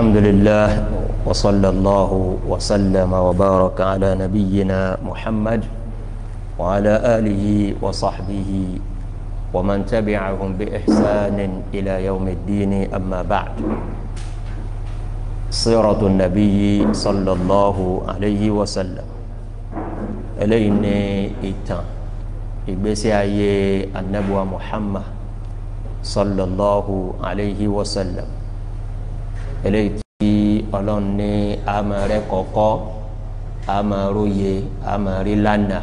الحمد لله وصلى الله وسلم وبارك على نبينا محمد وعلى آله وصحبه ومن تبعهم بإحسان إلى يوم الدين أما بعد صيرة النبي صلى الله عليه وسلم إلينا إتان إبسي أي النبوة محمد صلى الله عليه وسلم eléyìí tí ọlọ́run ní àmọ́ rẹ kọ̀ọ̀kọ́ àmọ́ róye àmọ́ rí lánàá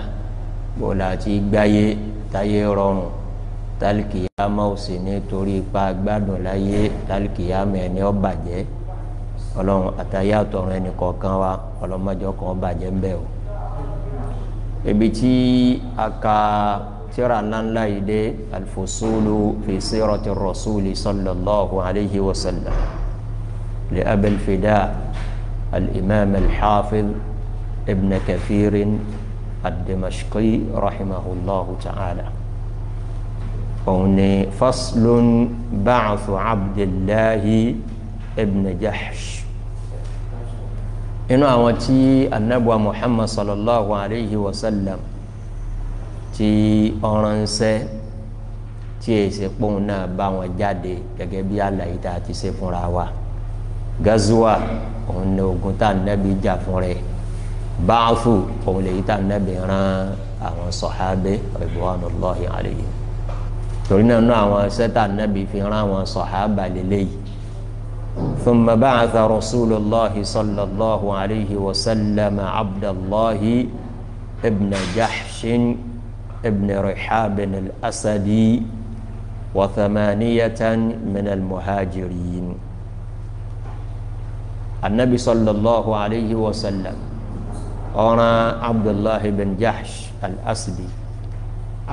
bó la ti gbáyé táyé rọrùn tálíkìyàmọ́ ò sì ní torí ipa gbádùn láyé tálíkìyàmọ́ ẹni ó bàjẹ́ ọlọ́run àtàyé ẹnì kọ̀ọ̀kan wa ọlọ́mọjọ́ kan bàjẹ́ ń bẹ̀ o. ibi tí a ka tírà ńláńlá yìí dé alfusulu fi sírọ̀tì rọ̀súlì sallallahu alayhi wa sallam. لأبي الفداء الإمام الحافظ ابن كثير الدمشقي رحمه الله تعالى أوني فصل بعث عبد الله ابن جحش inú àwọn tí anabuwa muhammad sallallahu alayhi wa sallam tí ọ̀ránṣẹ́ tí èsì pòun náà bá wọn jáde gẹ́gẹ́ bí àlàyé tá a ti ṣe fúnra wa gazuwa òun ni ogun tá nẹ́bi jà fún rẹ̀ báàfù òun lè yí tá nẹ́bi rán àwọn sọ̀hábẹ́ ridwanullahi alayhim torí náà nú àwọn sẹ́tà nẹ́bi fi rán àwọn sọ̀hábà lélẹ́yìí ثم بعث رسول الله صلى الله عليه وسلم عبد الله ابن جحش ابن رحاب الأسدي وثمانية من المهاجرين anabi sallallahu alayhi wa sallam ọ̀ràn abdullahi bin jahsh al-asdi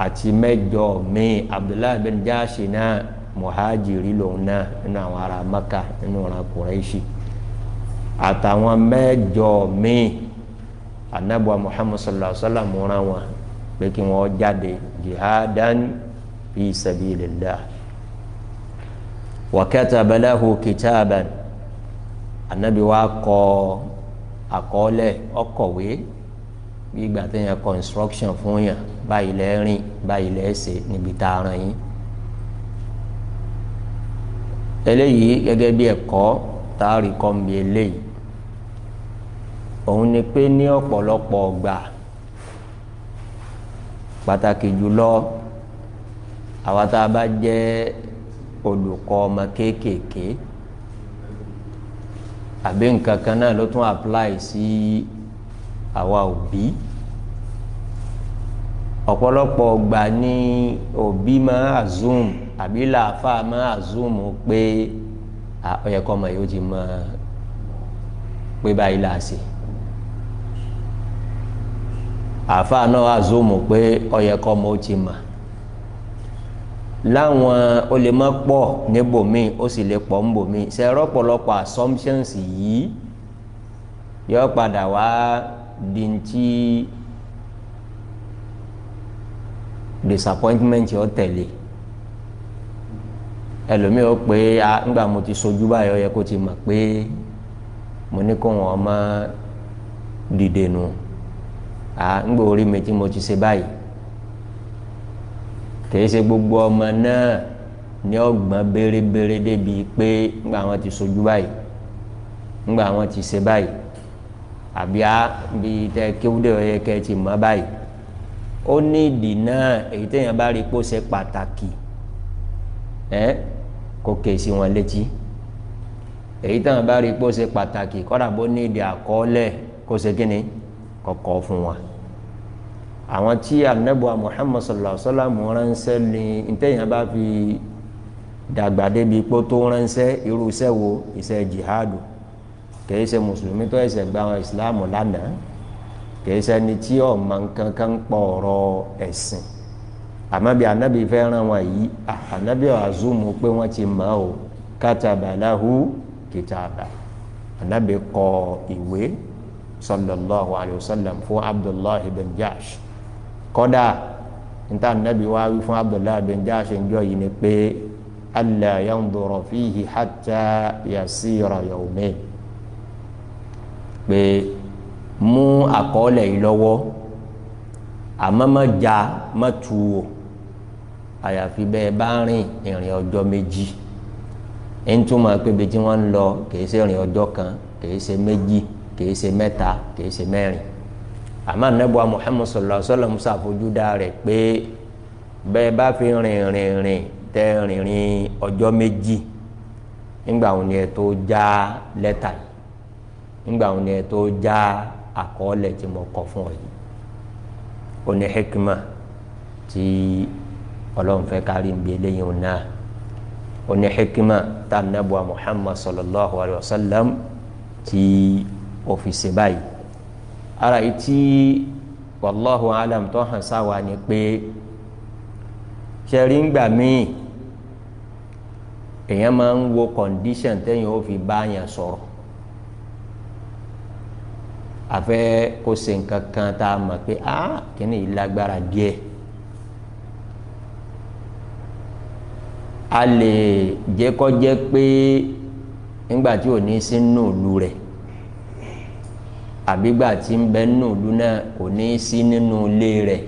àti mẹ́jọ mi abdullahi bin jahsh náà muhajiri lòun náà nínú àwọn ará maka nínú ọ̀ràn kùrẹ́ṣì àtàwọn mẹ́jọ mi anabuwa muhammad sallallahu alayhi wa sallam ọ̀ràn wọn pé kí wọ́n jáde jihadan fi sabilillah wa kataba lahu kitaban anabi wa kọ àkọọ́lẹ̀ ọkọ̀wé bí ìgbà téèyàn kọ instruction fún yàn báyìí lẹ rìn báyìí lẹ ṣe níbi tá a ràn yín eléyìí gẹ́gẹ́ bí ẹ̀kọ́ tá a rí kọ́ mi eléyìí òun ni pé ní ọ̀pọ̀lọpọ̀ ọgbà pàtàkì jùlọ àwa tá a bá jẹ́ olùkọ́ ọmọ kéékèèké. Ke àbí nǹkan kan náà ló tún apply sí àwa òbí ọ̀pọ̀lọpọ̀ ọgbà ni òbí máa assume àbí làáfà máa assume pé ọ̀yẹ̀kọ́ ọmọ yóò ti mọ pé báyìí là á ṣe àáfà náà assume pé ọ̀yẹ̀kọ́ ọmọ ó ti mọ̀ láwọn ó lè má pọ̀ níbòmí ó sì lè pọ̀ níbòmí ṣe rọ́pọ̀lọpọ̀ assumptions yìí yọ padà wá di ti disappointment yọ tẹ̀lé ẹlòmíì ó pé a ńgbà mo ti sojú báyìí ó yẹ kó ti mọ̀ pé mo ní kó wọn ọmọ dìde nù a ńgbà orí mi tí mo ti ṣe báyìí kìí ṣe gbogbo ọmọ náà ní ọgbọ́n bérebére débi pé ńgbà wọn ti sojú báyìí ńgbà wọn ti ṣe báyìí àbí a bí tẹ kéwúdẹ ọyẹ kẹ ti mọ báyìí ó ní ìdì náà èyí téèyàn bá rí pò ṣe pàtàkì ẹ kò kèé sí wọn létí èyí téèyàn bá rí pò ṣe pàtàkì kọ́dà bó ní ìdì àkọọ́lẹ̀ kó ṣe kíni kọ̀kọ́ fún wọn àwọn tí anabuwa muhammad sallallahu alaihi wa sallam ránṣẹ́ ni ntẹ̀yìn bá fi dàgbà débi pé tó ránṣẹ́ irú iṣẹ́ wo iṣẹ́ jihadu kìí ṣe mùsùlùmí tó ẹsẹ̀ gba àwọn ìsìláàmù lánàá kìí ṣe ẹni tí ọ̀mọ nǹkan kan pọ̀ ọ̀rọ̀ ẹ̀sìn àmọ́ bí anabi fẹ́ ràn wọ́n yìí anabi azumu pé wọ́n ti mọ̀ ọ́ katabalahu kitaba anabi kọ ìwé sallallahu alayhi wa sallam fún abdullahi bin jash kọ́dà níta nàbí wá wí fún abdullahi bin jáṣe njọ́ yìí ni pé alla yanzura fihi hatta yasira yawmayn pé mú àkọọ́lẹ̀ yìí lọ́wọ́ àmọ́ má jà má tu o àyàfi bẹ́ẹ̀ bá rìn ìrìn ọjọ́ méjì ẹ̀ńtúmọ̀ pé ibi tí wọ́n lọ kìí ṣe ìrìn kan kìí méjì kìí ṣe mẹ́ta kìí àmọ́ anabuwa muhammed sallallahu alaihi wa sallam ṣàfojúdá rẹ̀ pé bẹ́ẹ̀ bá fi rìn rìn rìn tẹ́ rìn rìn ọjọ́ méjì nígbà wọn ni ẹ tó já lẹ́tà yìí nígbà wọn ni ẹ tó já àkọọ́lẹ̀ tí mo kọ fún ọ yìí ó ní hikima tí ọlọ́run fẹ́ kárí ń bi eléyìí ọ̀nà ó ní hikima tá anabuwa muhammed sallallahu alaihi wa sallam tí ó fi ṣe báyìí ara yìí tí wàláhùn alam tó hàn sáwa ni pé ṣẹ̀rí ń gbà míì èèyàn máa ń wo condition téèyàn ó fi bá yẹn sọ̀rọ̀ àfẹ́ kó ṣe nǹkan kan tá a mọ̀ pé ah kíni yìí lágbára díẹ̀. a lè jẹ́ jẹ́ pé nígbà tí ò ní sínú ìlú rẹ̀ àbígbà tí ń bẹ nínú ìlú náà kò ní í sí nínú ilé rẹ̀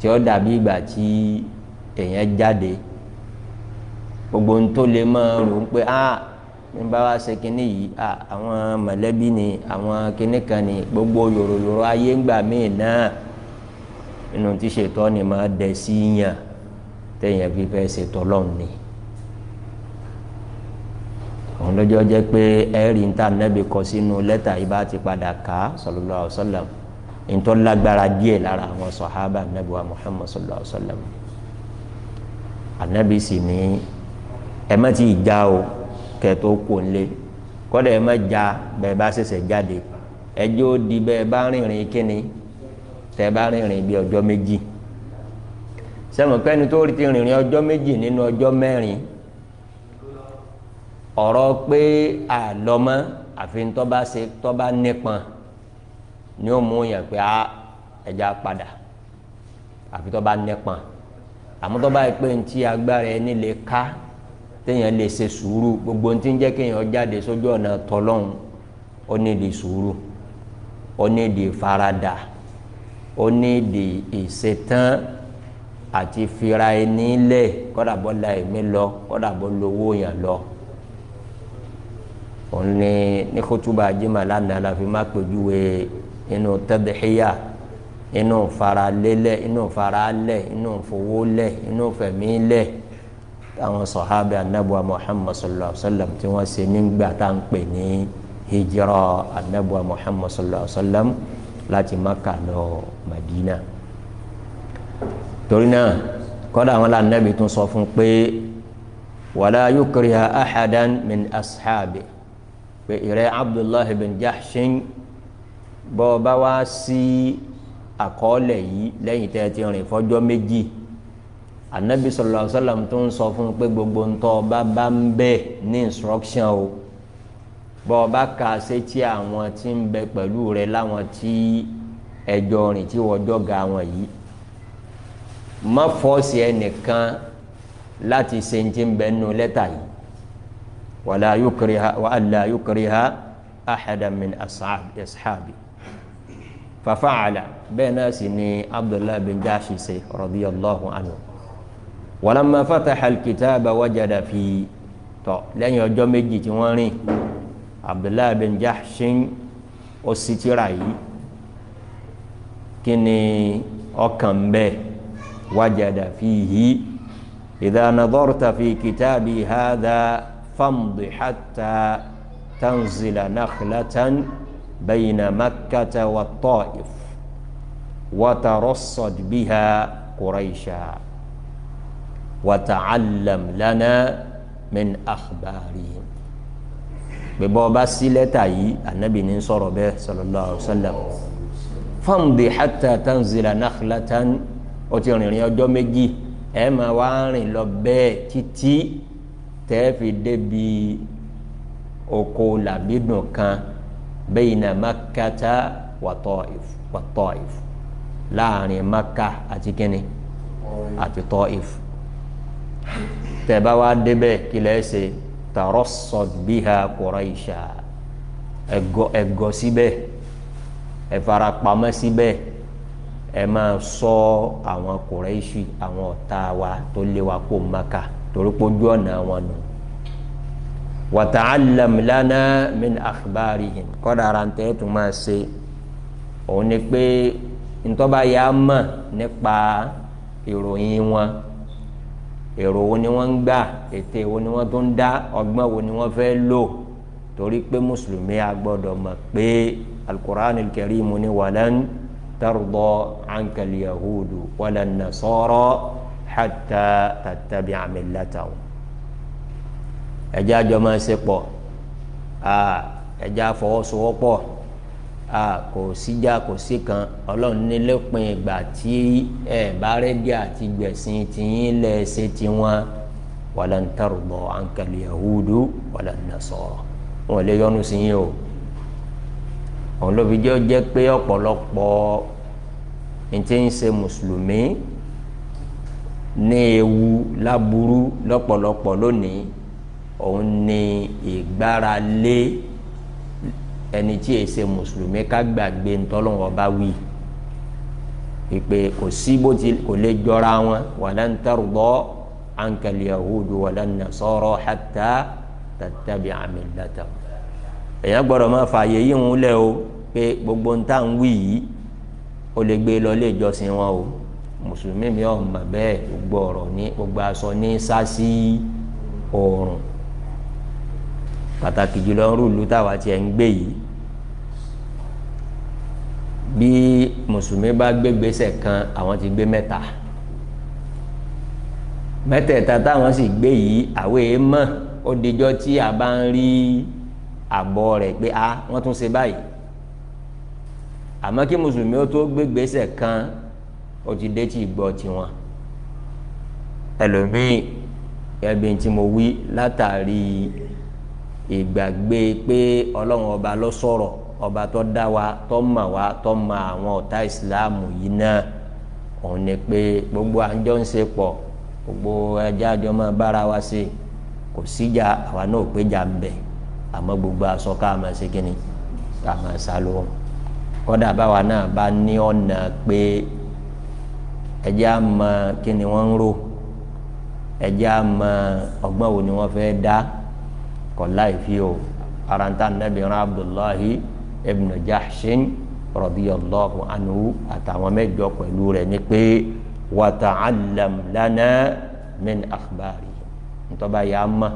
tí ó dàbí ìgbà tí èèyàn jáde gbogbo ń tó lè máa rò ó pé a ń bá wa ṣe kinní yìí a àwọn mọ̀lẹ́bí ni àwọn kinní kan ni gbogbo yòròyòrò ayé ńgbà míì náà inú tí ṣètọ́ ni máa dẹ̀ sí yàn téèyàn fi ṣètọ́ lọ́hùn ni òun lọ́jọ́ jẹ́ pé ẹ̀rí níta nẹ́bi kọ sínú lẹ́tà ibà ti padà ká sallallahu alaihi wasallam ntọ́ lágbára díẹ̀ lára àwọn sọ̀hábà nẹ́bi wa Muhammad sallallahu alaihi wasallam anabi sì ní ẹ má ti já o kẹtó kò ń lé kọ́dà ẹ má já bẹ́ẹ̀ bá ṣẹ̀ṣẹ̀ jáde ẹjọ́ di bẹ́ẹ̀ bá rìnrìn kíni tẹ́ bá rìnrìn bí ọjọ́ méjì sẹ́wọ̀n pẹ́ni tó rìnrìn ọjọ́ méjì nínú ọjọ́ mẹ́rin ọ̀rọ̀ pé àlọ́mọ́ àfi tọ́ba ṣe tọ́ba nípọn ni ó mú yàn pé ẹja padà àfi tọ́ba nípọn àmọ́ tọ́ba yìí pé ntí agbára ẹni lè ká téèyàn lè ṣe sùúrù gbogbo ntí ń jẹ́ kéèyàn jáde sójú ọ̀nà tọ́lọ́hún ó ní di sùúrù ó ní di faradà ó ní di ìṣetán àti fira ẹni lẹ̀ kọ́dà bọ́ la ẹ̀mí lọ kọ́dà bọ́ lowó yàn lọ. Lo òun ní ní kótóbá jimá lánàá la fi má pèjúwe inú tẹ́bíhíyà inú faralélẹ̀ inú faralẹ̀ inú fowólẹ̀ inú fẹ̀mílẹ̀ àwọn sọ̀hábẹ́ anábùwà muhammad sallallahu alayhi wa sallam tí wọ́n ṣe nígbà tá à ń pè ní hijira anábùwà muhammad sallallahu alayhi wa sallam láti maka lọ madina torí náà kọ́dà àwọn làǹdàbí tún sọ fún pé wàlá yukriha ahadan min ashabi pé ìrẹ́ abdullahi bin jahshin bọ́ ọ bá wá sí àkọọ́lẹ̀ yìí lẹ́yìn tẹ́ ẹ ti rìn fọ́jọ́ méjì anabi sallallahu alaihi wasallam tó ń sọ fún un pé gbogbo ntọ́ ọba bá ń bẹ̀ ní instruction o bọ́ ọ bá ka sétí àwọn tí ń bẹ pẹ̀lú rẹ láwọn tí ẹjọ́ rìn tí wọ́n jọ́ga wọn yìí má fọ́ọ̀sì ẹnìkan láti ṣe ń ti ń bẹ nínú lẹ́tà yìí wàlá yukriha wa alla yukriha ahadan min ashabi fafa'ala bẹ́ẹ̀ náà sì ni abdullahi bin jashi ṣe radiyallahu anhu walamma fataha alkitaba wajada fi tọ lẹ́yìn ọjọ́ méjì tí wọ́n rìn abdullahi bin jahshin ó sì tírà yìí kí ni ọkàn bẹ́ẹ̀ wajada fihi idha nadarta fi kitabi hadha famdi hatta tanzila nakhlatan bayna makkata wa ta'if wa tarassad biha quraisha wa ta'allam lana min akhbarihim gbẹbọ ọba sí lẹ́tà yìí anabi ní sọ̀rọ̀ bẹ́ẹ̀ sallallahu alaihi wasallam famdi hatta tanzila nakhlatan ó ti rìnrìn ọjọ́ méjì ẹ máa wá rìn lọ bẹ́ẹ̀ títí tẹ́ẹ̀fì débi oko làbídùn kan bayna makata wa Taif wa Taif láàrin makka àti kínní àti Taif tẹ́ẹ̀bá wa débẹ̀ kílẹ̀ ṣe tarassad biha Quraisha ẹ̀gọ́ ẹ̀gọ́ síbẹ̀ ẹ̀farapamọ́ síbẹ̀ ẹ̀ máa sọ àwọn Quraishi àwọn ọ̀tá wa tó lé wa kó Makka torí pé ojú ọ̀nà wọn nù wa ta'allam lana min akhbarihim kọ́dà ara ntẹ́ tún máa ṣe òun ni pé ntọ́ba yà á mọ̀ nípa ìròyìn wọn èrò wo ni wọ́n ń gbà ète wo ni wọ́n tó ń dá ọgbọ́n wo ni wọ́n fẹ́ lò torí pé mùsùlùmí a mọ̀ pé alukur'an karimu ni walan tarda ankal yahudu walan nasara hatta tattabi'a millatahum ẹ̀jẹ̀ àjọ máa ṣe pọ̀ ẹ̀jẹ̀ àfọwọ́sowọ́pọ̀ kò síjà kò sí kan ọlọ́run nílẹ̀pin ìgbà tí ẹ̀ bá rẹ́dí àti gbẹ̀sìn tìyín lẹ̀ ṣe tiwọn walan tarda ankal yahudu walan nasara wọn lè yọnu sí yín o òun ló fi jẹ́ pé ọ̀pọ̀lọpọ̀ ntí ń ṣe mùsùlùmí ní ewu láburú lọ́pọ̀lọpọ̀ lónìí òun ni ìgbára lé ẹni tí èsè mùsùlùmí ká gbàgbé ntọ́lọ́wọ́ bá wí ìpè kò sí bó ti kò lè jọra wọn walan tarda ankal yahudu walan nasara hatta tattabi'a millatahum èèyàn gbọ́dọ̀ máa fààyè yíhun lẹ o pé gbogbo ntàn wí yìí ó lè gbé lọ lé ìjọsìn wọn o mùsùlùmí mi ò mọ̀ bẹ́ẹ̀ gbogbo ọ̀rọ̀ ní gbogbo aṣọ ní sásì oòrùn pàtàkì jùlọ rúùlù táwa tiẹ̀ ń gbé yìí bí mùsùlùmí bá gbé gbèsè kan àwọn ti gbé mẹ́ta mẹ́tẹ̀ẹ̀ta táwọn sì gbé yìí àwọn èèmọ̀ ó dijọ́ tí a bá ń rí àbọ̀ rẹ̀ pé a ah, wọ́n tún ṣe báyìí àmọ́ kí mùsùlùmí ó tó gbé gbèsè kan ó ti dé tí gbọ́ tiwọn ẹlòmíì ẹbí tí mo wí látàrí ìgbàgbé pé ọlọ́run ọba ló sọ̀rọ̀ ọba tó dá wa tó mà wá tó mà àwọn ọ̀tá ìsìláàmù yìí náà òun ni pé gbogbo àjọ ń ṣe pọ̀ gbogbo ẹja àjọ máa bára wa ṣe kò síjà àwa náà péjà ń bẹ àmọ́ gbogbo aṣọ ká ṣe kínní ká máa sá báwa náà bá ní ọ̀nà pé ẹjẹ́ á mọ kí ni wọ́n ń rò ẹjẹ́ á mọ wo ni wọ́n fẹ́ dá kọ̀ láì o aranta nabi ran abdullahi ibn jahshin radiyallahu anhu àtàwọn mẹ́jọ pẹ̀lú rẹ̀ ni pé wa ta'allam lana min akhbari ntọ́ba yà á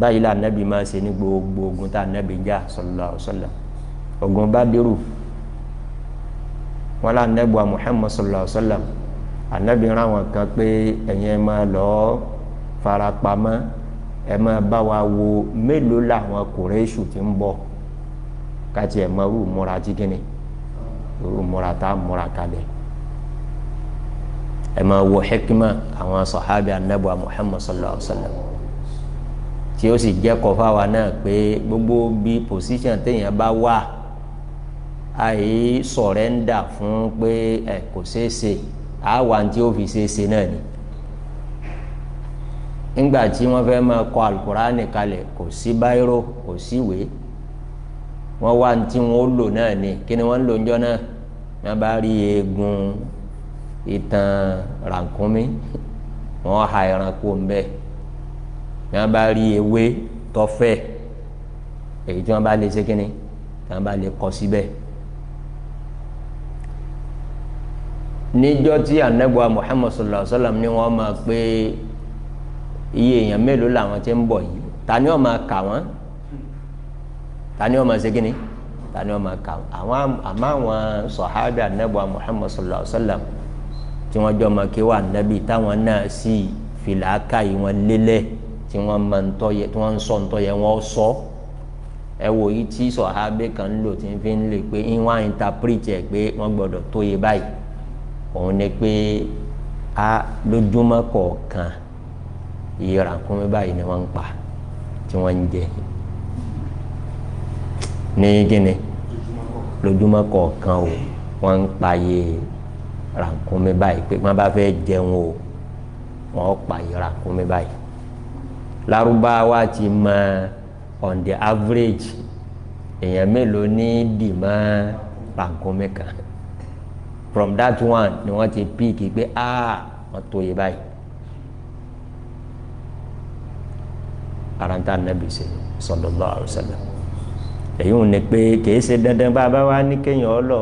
báyìí la nabi máa ṣe ní gbogbo ogun tá nabi jà sallallahu alaihi wasallam ogun bá dérò wọn là nẹ́bùa Muhammad sallallahu alayhi wa sallam ànábì rán àwọn kan pé ẹ̀yin ẹ̀ máa lọ́ọ́ farapamọ́ ẹ máa bá wa wo mélòó làwọn kòrẹ́ṣù ti ń bọ̀ káti ẹ̀ máa rú múra tí kínní rú múra tá a múra kalẹ̀ ẹ máa wo hikima àwọn sọ̀hábì anábọ̀ Muhammad sallallahu alayhi wa sallam tí ó sì jẹ́ kọ́ fáwa náà pé gbogbo bí pòsíṣàn téèyàn bá wà àyè sọ̀rẹ́ńdà fún pé ẹ kò ṣeé ṣe àwa tí ó fi ṣeé ṣe náà ni nígbà tí wọ́n fẹ́ máa kọ alukurani kalẹ̀ kò sí báírò kò sí ìwé wọ́n wá tí wọ́n lò náà ni kí ni wọ́n lò ń náà wọ́n bá rí eegun ìtàn rànkúnmí wọ́n ha ẹranko ńbẹ wọ́n bá rí ewé tọ́fẹ́ èyí tí wọ́n bá lè ṣe kí ni tí wọ́n bá lè kọ síbẹ̀. Si níjọ́ tí anabuwa muhammad sallallahu alaihi wa sallam ni wọ́n máa pé iye èèyàn mélòó làwọn ti ń bọ̀ yìí ta ni wọ́n máa kà wọ́n ta ni wọ́n máa ṣe kíni ta ni wọ́n máa kà wọ́n àwọn àmọ́ àwọn sọ̀hábì anabuwa muhammad sallallahu alaihi wa sallam tí wọ́n jọ máa kéwà anabi táwọn náà sì fìlà ká yìí wọ́n lélẹ̀ tí wọ́n máa ń tọ́ yẹ tí wọ́n ń sọ ń tọ́ yẹ wọ́n sọ ẹ wò yìí tí sọ̀hábì kan lò tí ń fi ń lè pé ń wá interpret pé wọ́n gbọ́dọ̀ tó yẹ báyìí òun ni pé a lójúmọ́ kọ̀ọ̀kan iye ràkúnmí báyìí ni wọ́n ń pa tí wọ́n ń jẹ ní gíní lójúmọ́ kọ̀ọ̀kan o wọ́n ń pa iye ràkúnmí báyìí pé wọ́n bá fẹ́ jẹun o wọ́n pa iye ràkúnmí báyìí lárúbáwá ti mọ on the average èèyàn mélòó ní dìmọ́ ràkúnmí kan from that one ni wọ́n ti píìkì pé ah wọ́n tó yẹ báyìí aranta anabi ṣe sallallahu alaihi wasallam èyí ò ní pé kìí ṣe dandan bàbá wa ní kéèyàn ọlọ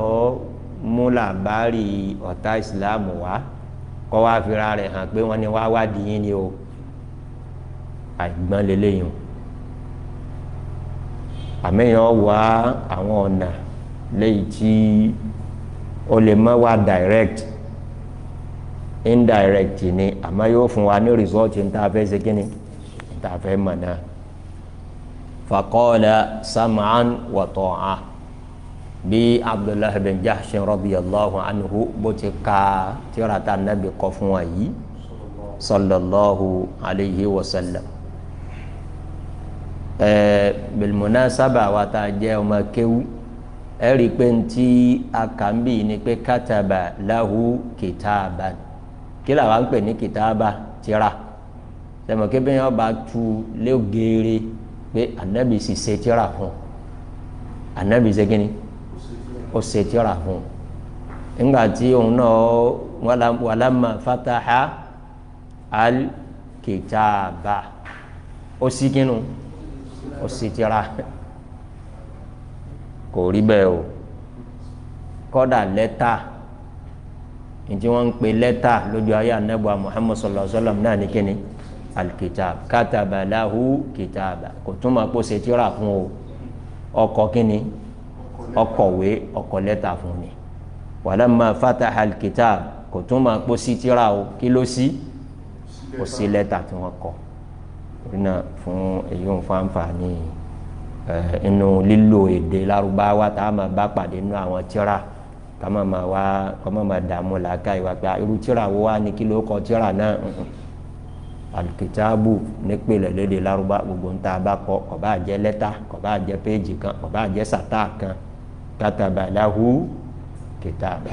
mú làbárì ọ̀tá ìsìláàmù wá kọ́ wá fira rẹ̀ hàn pé wọ́n ní wá wádìí yín ni o àìgbọ́n lélẹ́yìn o àmẹ́yàn wá àwọn ọ̀nà lẹ́yìn tí o lè mọ wa direct indirect ni àmọ́ yóò fún wa ní result n ta fẹ́ ṣe kí ni n ta fẹ́ mọ̀ náà fakọ́ọ̀lá sam'an wa ta'a bí abdullahi bin jahshin radiyallahu anhu bó ti ka tíratá nàbì kọ fún wa yìí sallallahu alayhi wa sallam ẹ̀ẹ́ bilmunasaba wa ta jẹ́ ọmọ kéwú ẹ̀rí pé ń ti akàmbì ni pé kátàbà láhu kìtàbà kí làwọn ń pè ní kìtàbà tírà sẹ́mi kí bẹ́ẹ̀ yẹn bá tu lẹ́gẹ̀ẹ́rẹ́ pé ànábì sì ṣe tírà fún ànábì ṣe ó ṣe tírà fún nígbà tí òun náà wàlámà fataha al kìtàbà ó sì kínú ó sì tírà kò rí bẹ́ẹ̀ o kọ́dà lẹ́tà ntí wọ́n ń pe lẹ́tà lójú ayé anabu muhammad sallallahu alayhi wa sallam náà ní kíni alikitab kataba lahu kitaba kò túmọ̀ pé ó ṣe tíra fún o ọkọ kíni ọkọ̀wé ọkọ̀ lẹ́tà fún ni walamma fataha alikitab kò túmọ̀ pé ó ṣí tíra o kí ló ṣí kò sí lẹ́tà tí wọ́n kọ nínú fún èyí ò ń fa Eh, inú lílo èdè lárúbáwá tá a máa bá pàdé nínú àwọn tíra ká má máa wá ká má máa dààmú làákà ìwà pé ah, irú tíra wo wá ní kí ló kọ tíra náà alukitaabu nípìnlẹ̀ lédè lárúbá gbogbo ń tá bá kọ kò bá jẹ́ lẹ́tà kò bá jẹ́ péèjì kan kò bá jẹ́ sàtà kan katabalahu kitaaba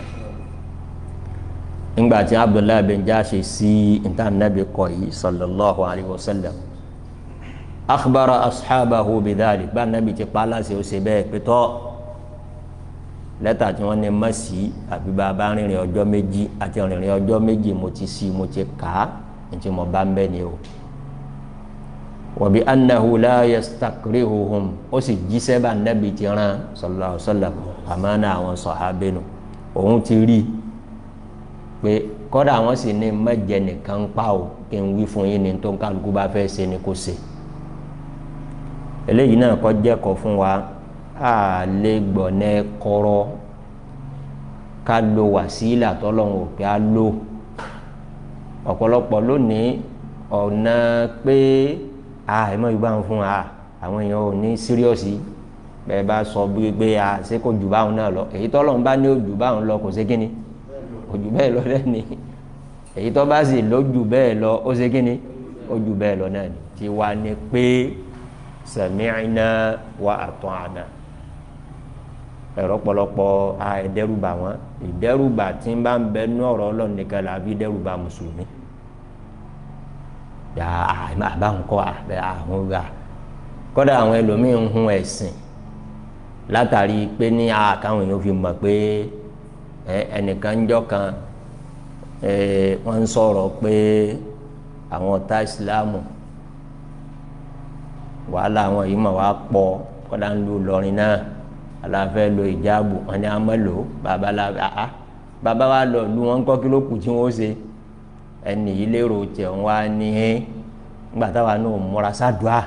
ńgbà tí abdullahi bin jaasi sí ntànàbí kọ yìí sallallahu alayhi wa akhbara ashabahu bidhalik bá nàbì ti pa aláṣẹ ó ṣe bẹ́ẹ̀ pé tọ́ lẹ́tà tí wọ́n ní mọ̀sí àbí bàbá rìnrìn ọjọ́ méjì àti rìnrìn ọjọ́ méjì mo ti sí mo ti kà á ntí mo bá ń bẹ̀ ni o wọ̀bi annahu la yastakrihuhum ó sì jíṣẹ́ bá nàbì ti rán sallallahu alaihi wasallam àmánà àwọn sọ̀hábẹ́nu òun ti rí i pé kọ́dà àwọn sì ní mẹ́jẹ nìkan pa ò kí n wí fún yín ní tó kálukú bá fẹ́ ṣe ni kò ṣe eléyìí náà kọ́ jẹ́kọ̀ọ́ fún wa a lè gbọ̀nà kọ́rọ́ ká lo wàsílà tọ́lọ́hún ò pé a lò ọ̀pọ̀lọpọ̀ lónìí ọ̀nà pé a ẹ̀ mọ̀ yìí bá ń fún wa àwọn èèyàn ò ní síríọ̀sì bẹ́ẹ̀ bá sọ bí pé a ṣe kò jù báwọn náà lọ èyí tọ́lọ́hún bá ní ò báwọn lọ kò ṣe kí ni kò jù bẹ́ẹ̀ lọ lẹ́ni èyí tó bá sì lójú bẹ́ẹ̀ lọ ó ṣe kí ni ó jù bẹ́ẹ̀ lọ náà ti wá ní pé sami'na wa ata'na ẹ̀rọ pọ̀lọpọ̀ a ẹ̀dẹ́rùbà wọn ìdẹ́rùbà tí ń bá ń bẹ nú ọ̀rọ̀ ọlọ́run nìkan là bí dẹ́rùbà mùsùlùmí yà àbáwọn kọ́ àbẹ àwọn ọ̀gá kọ́dà àwọn ẹlòmíín ń hun ẹ̀sìn látàrí pé ní àkàwọn èèyàn fi mọ̀ pé ẹnìkan jọ kan wọ́n ń sọ̀rọ̀ pé àwọn ọ̀tá ìsìláàmù wàhálà àwọn yìí mà wá pọ̀ kọ́dà ń lu lọ́rin náà aláfẹ́ lo ìjáàbù wọn ni a bàbá la àá bàbá wa lọ lu wọn kọ́ kílókù tí wọ́n ṣe ẹnì yìí lérò tẹ̀ ń wá ní ẹ́ ńgbà táwa náà múra sádùá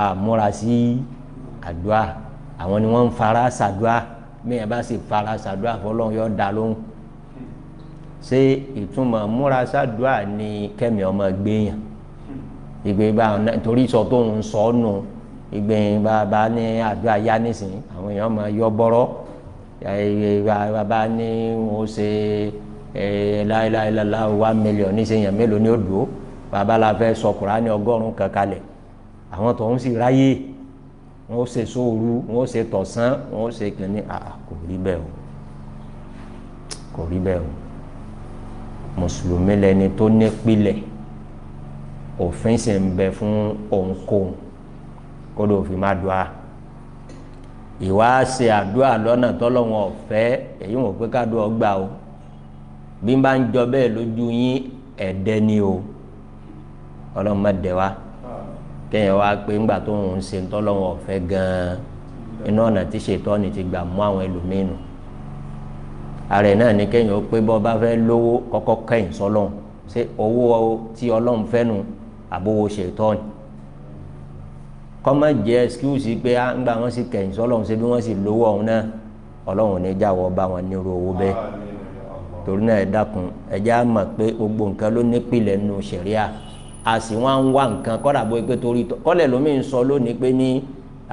a múra sí àdùá àwọn ni wọ́n ń fara sádùá mẹ́yìn bá sì fara sádùá fọlọ́n yọ da lóhùn ṣé ìtumọ̀ múra sádùá ni kẹ́mi ọmọ gbẹ̀yàn ìgbé bá torí sọ tó ń sọ nù ìgbé bàbá ní àdúrà yá nísìnyí àwọn èèyàn máa yọ bọ́rọ́ bàbá ní wọ́n ṣe láìláìláìlá one million nísìnyí mélòó ni ó dùn ó bàbá la fẹ́ sọ Kùránì ọgọ́rùn-ún kankanlẹ̀ àwọn tó ń sì ráyè wọ́n ṣe sóoru wọ́n ṣe tọ̀sán wọ́n ṣe kìnní kò rí bẹ́ẹ̀ o kò rí bẹ́ẹ̀ o mùsùlùmí lẹni tó ní pilẹ̀ òfin sì ń bẹ fún ohunkóhun kódò òfin má dùn á ìwà ṣe àdúrà lọ́nà tọ́lọ́wọ́n ọ̀fẹ́ èyí wọn pé kádùn ọgbà o bí n bá ń jọ bẹ́ẹ̀ lójú yín ẹ̀dẹ́ ni o ọlọ́run má dẹ̀ wá kẹ́yìn wá pé ńgbà tó ń ṣe tọ́lọ́wọ́n ọ̀fẹ́ gan-an iná ọ̀nà tí ṣètọ́ni ti gbà mú àwọn ẹlòmíín nù ààrẹ náà ní kẹ́yìn ó pé bọ́ bá fẹ́ lówó kọ́kọ́ kẹ́yìn sọ́lọ́run ṣé owó tí ọlọ́run fẹ́ nu àbówó ṣètọ́ni kọ́mọ jẹ́ ẹ́skúùsì pé á ń gba wọn sí kẹ̀yìn sọ́lọ́run ṣe bí wọ́n sì lówó ọ̀hún náà ọlọ́run ní jáwọ́ bá wọn nírú owó bẹ́ẹ̀ torí náà ẹ dákun ẹ jẹ́ á mọ̀ pé gbogbo nǹkan ló nípìlẹ̀ nù ṣẹ̀ríà a sì wọ́n á ń wá nǹkan kọ́dà bó pé torí kọ́lẹ̀ lómi ń sọ lónìí pé ní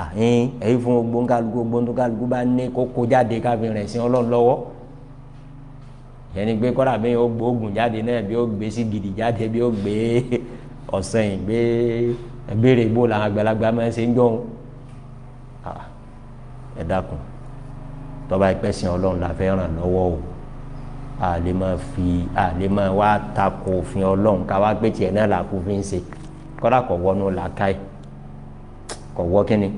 àhín ẹ̀yìn fún gbóńkálukú gbóńkálukú bá ní kókó jáde káfí rẹ̀ sí ọlọ́run lọ́wọ́ yẹn ni pé kọ́dà bí ó gbóògùn jáde náà bí ó gbé sí gidi jáde bí ó gbé ọ̀sẹ̀ yìí gbé ẹ̀bẹ̀rẹ̀ ìbò làwọn àgbàlagbà máa ń ṣe ń jọ̀hún ah, ẹ dákun tọ́ba ìpẹ́sìn ọlọ́run la fẹ́ ràn lọ́wọ́ o àlè máa fi àlè máa wá takò òfin ọlọ́run ká wá gbé tiẹ̀ náà làkú fi ń ṣe kọ́dà kọ̀ wọnú làákàyè kọ̀ wọ́ kínni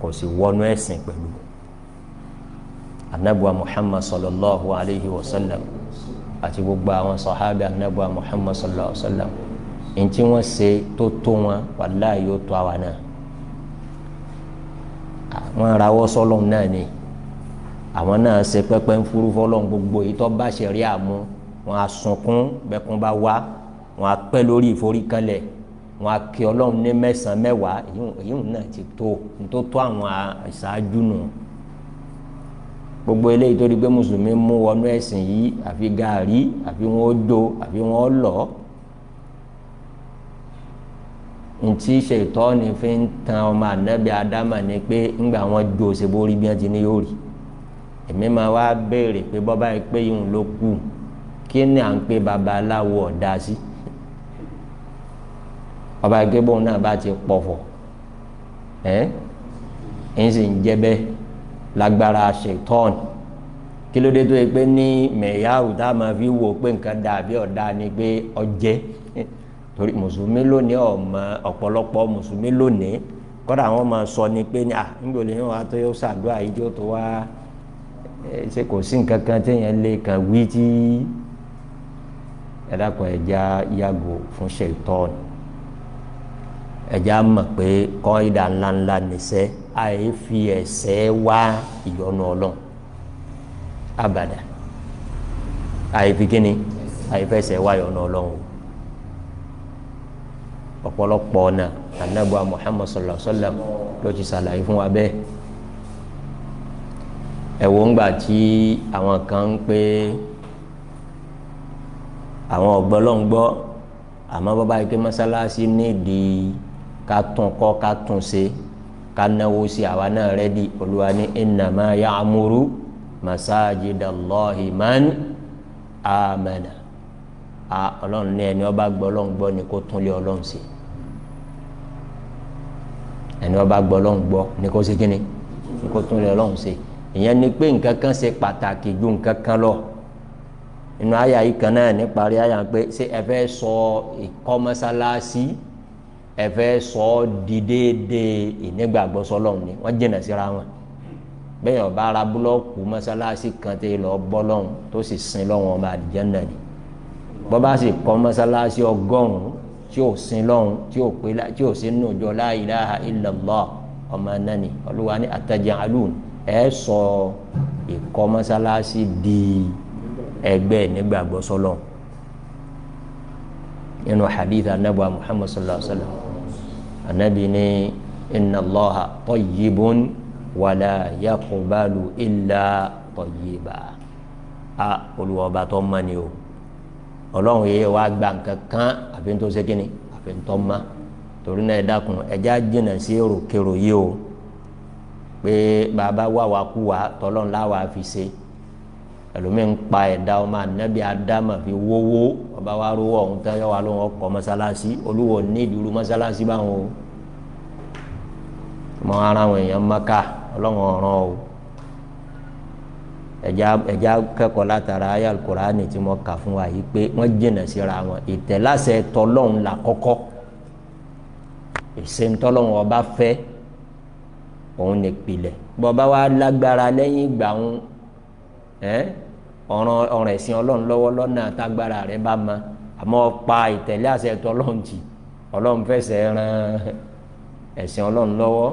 kò sì wọnú ẹ̀sìn pẹ̀lú anabuwa muhammad sallallahu alayhi wa sallam àti gbogbo àwọn sọ̀hábì anabuwa muhammad sallallahu alayhi wa sallam ntí wọn ṣe tó tó wọn wàláhì yóò tó àwa náà àwọn arawọ́ sọ́lọ́m náà ni àwọn náà ṣe pẹ́pẹ́ ń furu fọ́lọ́m gbogbo yìí tó bá ṣe rí àmú wọn á sunkún bẹ́kún bá wá wọn á pẹ́ lórí ìforíkanlẹ̀ wọn á kí ọlọ́run ní mẹ́sàn-án mẹ́wàá èyí náà ti tó tó tó àwọn ìṣáájú nù gbogbo eléyìí tó di pé mùsùlùmí mú wọnú ẹ̀sìn yìí àfi gàárì àfi wọn ó do àfi wọn ó lọ́ọ́ ntí ṣètọ́ ni fi ń tan ọmọ adama ni pé ńgbà wọn do òṣèbó bí wọn ti ní yóò rí èmi máa wá béèrè pé bọ́bá yìí pé ló kú kí ni à ń pè babaláwo bàbá yìí pé bóun náà bá ti pọ̀fọ̀ ẹ́ ń sì ń jẹ́ bẹ́ẹ̀ kí ló dé tó fi wò pé nǹkan dàbí ni pé ọjẹ́ torí mùsùlùmí lónìí ọmọ ọ̀pọ̀lọpọ̀ mùsùlùmí lónìí kọ́dà àwọn máa sọ ni pé ní à níbo lè wá tó yóò ṣàdúrà yìí tó tó wá ṣe kò sí nǹkan kan téèyàn lè kàn wí tí ẹ̀dàkùn ẹ̀já yàgò fún ṣètọ́n ẹ̀já mọ̀ pé kọ́ ìdá ńláńlá nìṣẹ́ àì fi ẹ̀ṣẹ̀ wá ìyọnu ọlọ́run abàdà àì fi kíni àì fẹsẹ̀ wá ìyọnu ọlọ́run o ọ̀pọ̀lọpọ̀ ọ̀nà anabu muhammad sallallahu alaihi wa sallam ló ti ṣàlàyé fún wa bẹ́ẹ̀ ẹ̀wọ̀ ń gbà tí àwọn kan ń pé àwọn ọ̀gbọ́lọ́ngbọ́ àmọ́ bàbá yìí pé mọ́sálásí nídìí ká tún kọ́ ká tún ṣe ká náwó sí àwa náà rẹ́dí olúwa ní innama ya'muru masajidallahi man amana ọlọ́run ní ẹni ọba gbọ́ ni kó tún lé ọlọ́run ṣe ẹni ọba gbọ́ lọ́hùn gbọ́ ní kó ṣe kíni ní kó tún lè lọ́hùn ṣe ìyẹn ni pé nǹkan kan ṣe pàtàkì ju nǹkan kan lọ inú àyà yìí kan náà níparí àyà pé ṣé ẹ fẹ́ sọ ìkọ́ ẹ fẹ́ sọ di ìnígbàgbọ́ sọlọ́hùn ni wọ́n jìnnà síra wọn bẹ́ẹ̀ ọba ara búlọ́ọ̀kù mọ́sálásí kan tẹ́ lọ bọ́ lọ́hùn tó sì sin lọ́hùn ọba àdìjẹ́ náà bọ́ bá sì kọ́ mọ́sálásí ọgọ́rùn-ún tí ò sin lọ́hùn tí ò pé tí ò sin nù jọ la ilaha illallah ọmọ nani olúwa ní atajalun ẹ sọ ìkọ́ mọ́sálásí di ẹgbẹ́ nígbàgbọ́ sọlọ́ nínú hadith anabu muhammad sallallahu alaihi wa sallam anabi ní inna allaha tayyibun wala yakubalu illa tayyiba a olùwọ́ba tó mọ́ ni o ọlọ́run yìí wàá gba nǹkan kan àfi ń tó ṣe kínní àfi ń tọ́ ma torí náà ẹ dákun ẹjá jìnnà sí èròkèrò yìí o pé bàbá wà wá kú wá tọ́lọ́run láwa fi ṣe ẹlòmíín pa ẹ̀dá ọmọ ànábì ádámà fi wówó ọba wa rówó ọ̀hún tán yọ wá ló ń kọ́ mọ́sálásí olúwo ní ìdúró mọ́sálásí báwọn o mọ ara àwọn èèyàn mọ́ká ọlọ́run ọ̀ràn o ẹ̀já ẹ̀já kẹ́kọ̀ọ́ látara ayé alukurani tí wọ́n kà fún wa yìí pé wọ́n jìnà síra wọn ìtẹ̀láṣẹ tọlọ́hún la kọ́kọ́ ìsentọ́lọ́hún ọba fẹ́ òun ní pilẹ̀ bọ́ba wa lágbára lẹ́yìn ìgbà òun ọ̀ràn ọ̀ràn ẹ̀sìn ọlọ́run lọ́wọ́ lọ́nà àtàgbára rẹ̀ bá ma àmọ́ pa ìtẹ̀lé àṣẹ tọlọ́hún jì ọlọ́run fẹsẹ̀ ran ẹ̀sìn ọlọ́run lọ́wọ́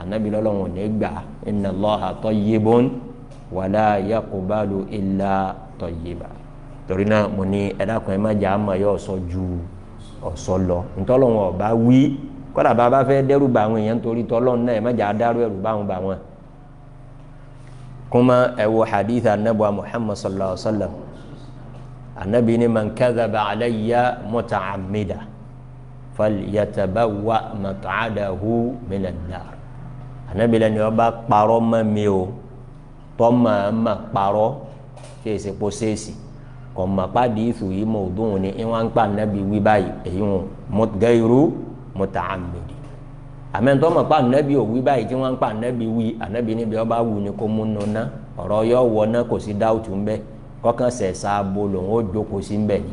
ànábìlọ́lọ́run ò ní gbà inna Allaha tayyibun wàlá yakubalu ilà tọyìbà torí náà mo ní ẹdákan ẹ má jẹ àmọ́ yóò sọ ju ọsọ lọ ntọ́lọ́wọ́n ọba wí kọ́dà bá a bá fẹ́ dẹ́rù bá àwọn èèyàn torí tọ́lọ́run náà ẹ má jẹ adáró ẹrù bá àwọn bá wọn. kuma ẹ wo hadith anabu muhammad sallallahu alaihi wa sallam anabi ni man kadaba alayya mutaamida falyatabawa matacadahu minannar anabi lẹni ọba kparọ́ mọ́ mi o tọ́mọ̀ ẹ̀mọ̀ parọ́ tí èsì po ṣèèṣì kò mọ̀ pàdé ìfù yìí mọ̀ òdùn ní ìwọ̀n ń pa nàbí wí báyìí èyí wọn mọ̀gẹ́rù mọ̀tàmìlì àmẹ́ńtọ́ mọ̀ pa nàbí òwí báyìí tí wọ́n ń pa nàbí wí ànàbí níbi ọba wù ní kó mú nù ná ọ̀rọ̀ yọ wọ ná kò sí dáwùtù ńbẹ kọ́kàn sẹ̀sà bo lòun ó jókòó sí ńbẹ ni.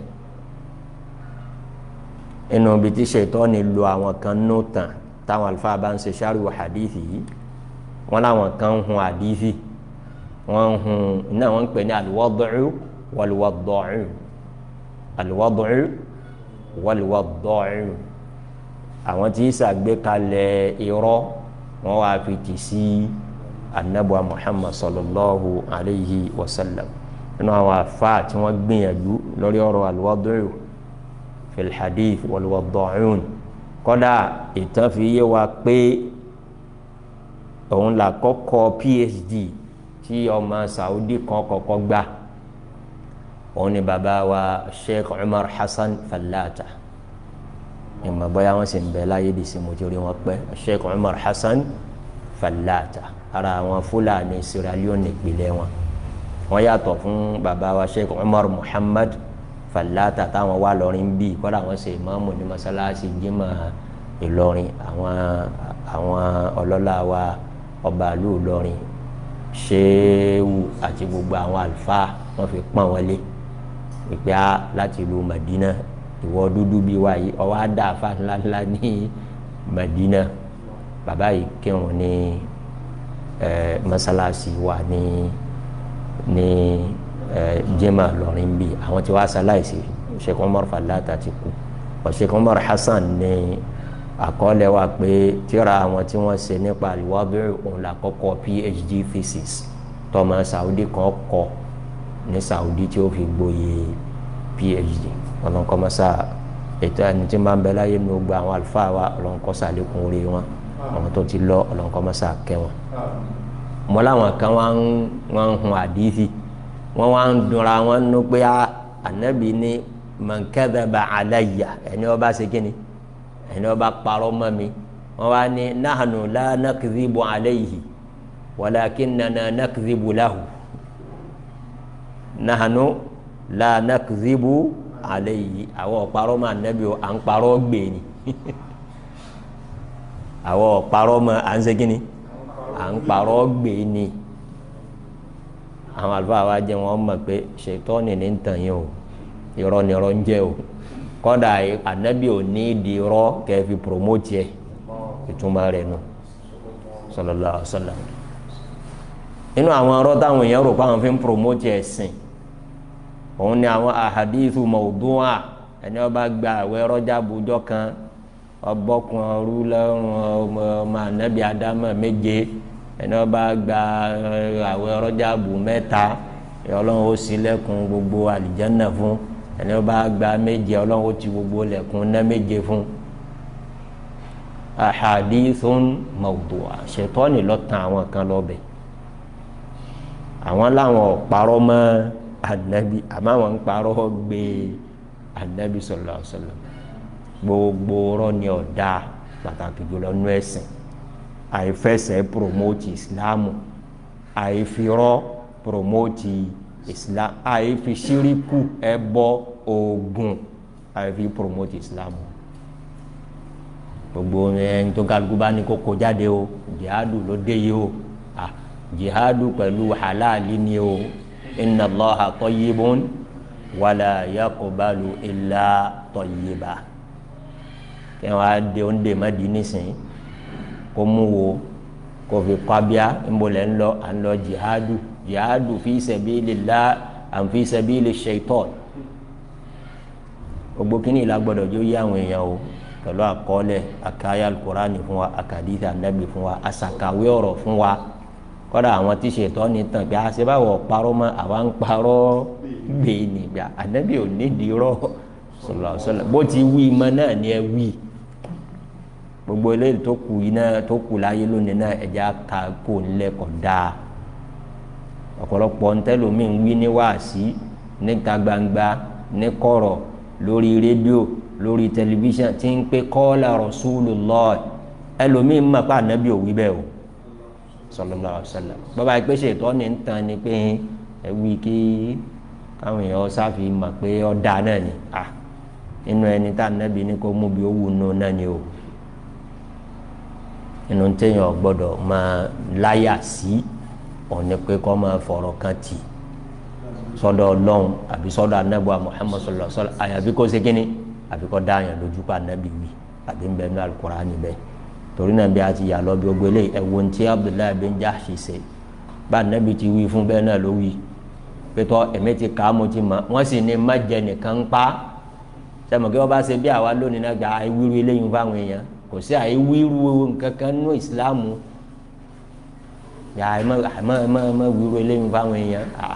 inú ibi tí ṣètọ́ ni lo àwọn kan nù tàn táwọn àlùfáà bá ń ṣe ṣáàrù hadithi yìí wọ́n láwọn kan ń hun hadithi yìí wọn hun náà wọn ń pè ní aluwadu'u waluwadu'u aluwadu'u waluwadu'u àwọn tí sàgbékalẹ̀ irọ́ wọn wá fi tì sí anabuwa muhammad sallallahu alayhi wa sallam nínú àwọn afa tí wọn gbìyànjú lórí ọ̀rọ̀ aluwadu'u fil hadith waluwadu'un ìtàn fi yé wa pé òun là kọ́kọ́ phd tí ọmọ Saudi kan kọ́kọ́ gbà òun ni bàbá wa Sheikh Umar Hassan Fallata ìmọ̀ bóyá wọ́n sì ń bẹ láyé di sí mo ti rí wọn pẹ́ Sheikh Umar Hassan Fallata ara àwọn Fúlàní Sierra Leone ìpìlẹ̀ wọn wọ́n yàtọ̀ fún bàbá wa Sheikh Umar Muhammad Fallata táwọn wà lọ́rin bíi kọ́dà wọ́n ṣe ìmáàmù ní masalasi jimoh Ìlọrin àwọn àwọn ọlọ́lá wa ọba ìlú ṣéwù àti gbogbo àwọn àlùfáà wọn fi pọ́n wọn lé ìpè á láti ìlú Madina ìwọ dúdú bíi wa yìí ọwọ́ á dá ní Madina bàbá yìí kírun ní ẹ mọ́sálásí wa ní ní ẹ jẹ́mà lọ́rin bíi àwọn tí wàá sáláìsì Sheikh Umar Fallata ti kú Sheikh Umar Hasan ní àkọọ́lẹ̀ wà pé tíra àwọn tí wọ́n ṣe nípa àlùwábẹ̀rẹ̀ òun là phd thesis tọmọ saudi kan kọ ní saudi tí ó fi gboyè phd ọlọ́nkọ́mọ́sá ètò ẹni tí máa ń bẹ láyé ní gbogbo àwọn àlùfáà wa ọlọ́nkọ́sá lékun orí wọn àwọn tó ti lọ ọlọ́nkọ́mọ́sá kẹ́ wọn. mo láwọn kan wá ń wọ́n ń hun àdìsí wọ́n wá ń dunra wọn nú pé anabi ah, ni man kadhaba ẹni ó bá ṣe kí ni ẹni ọba parọ́ mọ́ mi wọ́n wá ní nahanu la nakzibu alayhi walakinnana nakzibu lahu nahanu la nakzibu alayhi àwọn ọ̀parọ́ mọ́ anabi o à ń parọ́ gbè ni àwọn ọ̀parọ́ mọ́ à ń à ń parọ́ gbè ni àwọn àlùfáà wa jẹ́ wọ́n mọ̀ pé ṣètọ́ ni ní ń tàn o irọ́ ni irọ́ ń jẹ́ o kọ́dà ànábì ò di rọ́ kẹ́ fi promote ẹ̀ ìtumọ̀ rẹ̀ nù sallallahu alaihi wasallam inú àwọn ọ̀rọ̀ táwọn èèyàn rò pé àwọn fi ń promote ẹ̀sìn òun ni àwọn ahadithu mawdu'a ẹni ọba gba àwẹ̀ Rajabu ọjọ́ kan ọgbọ́kun ọrú lọ́rùn ọmọ ọmọ ànábì Ádámọ̀ méje ẹni ọba gba eh, àwẹ̀ Rajabu mẹ́ta Ọlọ́run ó ṣílẹ̀kùn gbogbo àlìjẹ́nà fún ẹni ó bá gba méje ọlọ́run ó ti gbogbo lẹ̀kùn ná méje fún ahadithun mawdu'a ṣètọ́ni lọ́tàn àwọn kan lọ́bẹ̀ àwọn làwọn ọ̀parọ́ mọ́ anabi àmọ́ àwọn ń parọ́ gbé anabi sallallahu alaihi wasallam gbogbo ọ̀rọ̀ ni ọ̀dà pàtàkì jùlọ nú ẹ̀sìn àìfẹsẹ̀ promote islamu àìfirọ́ promote islamu islam àìfi síríkù ẹbọ oògùn àìfi promote islam gbogbo ẹni tó kálukú bá ní kó kó jáde o jihadu ló dé yìí o ah jihadu pẹ̀lú halali ni o inna allaha tayyibun wala yakubalu illa tayyiba kẹ́ wọ́n á de ó ń de mọ́ di nísìnyí kó mú wo kó fi kọ́ abíá ń bọ̀ lẹ́ ń lọ à ń lọ jihadu jihadu fi sabilillah am fi sabili shaitan gbogbo kini la gbọ́dọ̀ jó yí àwọn èèyàn o pẹ̀lú àkọọ́lẹ̀ akaya alukurani fún wa akadita anabi fún wa asakawe ọ̀rọ̀ fún wa kódà àwọn tí ṣètò ní tàn pé àṣebáwọ̀ ah, parọ́ mọ́ àwa ń parọ́ gbèé nígbà anabi ò nídìí rọ́ sọlọsọlọ bó ti wí mọ náà ni ẹ wí gbogbo eléyìí tó kù yìí náà tó kù láyé lónìí náà ẹ̀já ta kò ń dáa ọ̀pọ̀lọpọ̀ ntẹ́lómìn wí ní wáàsí níta gbangba ní kọ̀rọ̀ lórí rédíò lórí tẹlifíṣàn tí ń pé kọ́ọ̀lá Rasulullah ẹlòmíín mọ̀ pé ànábì òwí bẹ́ẹ̀ o sallallahu alaihi wasallam bàbá yìí pé ṣètò ọ̀nì ń tan ni pé ẹ wí kí káwọn èèyàn sáfì mọ̀ pé ọ̀dà náà ni à inú ẹni tá ànábì ní kó mú bi owó nù náà ni o inú téèyàn gbọ́dọ̀ máa láyà sí. Si òní pé kọ́ máa fọ̀rọ̀ kan tì sọ́dọ̀ ọlọ́run àbí sọ́dọ̀ anábọ̀ Muhammad sọlọ sọlọ àyàfi kó ṣe kínní àfi kó dá àyàn lójú pa anábì wí àbí ń bẹ nínú Al-Qur'ani bẹ torí náà bí a ti yà lọ bí ogun eléyìí ẹ̀wọ̀n tí Abdullahi bin Jahsh ṣe bá anábì ti wí fún bẹ́ẹ̀ náà ló wí pẹ̀tọ́ ẹ̀mí ti kà á mo ti mọ̀ wọ́n sì ní má jẹ nìkan ń pa sẹ́mi kí wọ́n bá ṣe bí àwa lónìí náà gba àìwíru eléyìí fáwọn èèyàn kò sí àìwíru nǹkan kan nínú Ya, ẹ mọ ẹ mọ ẹ mọ ẹ mọ wíru eléyìí fáwọn èèyàn à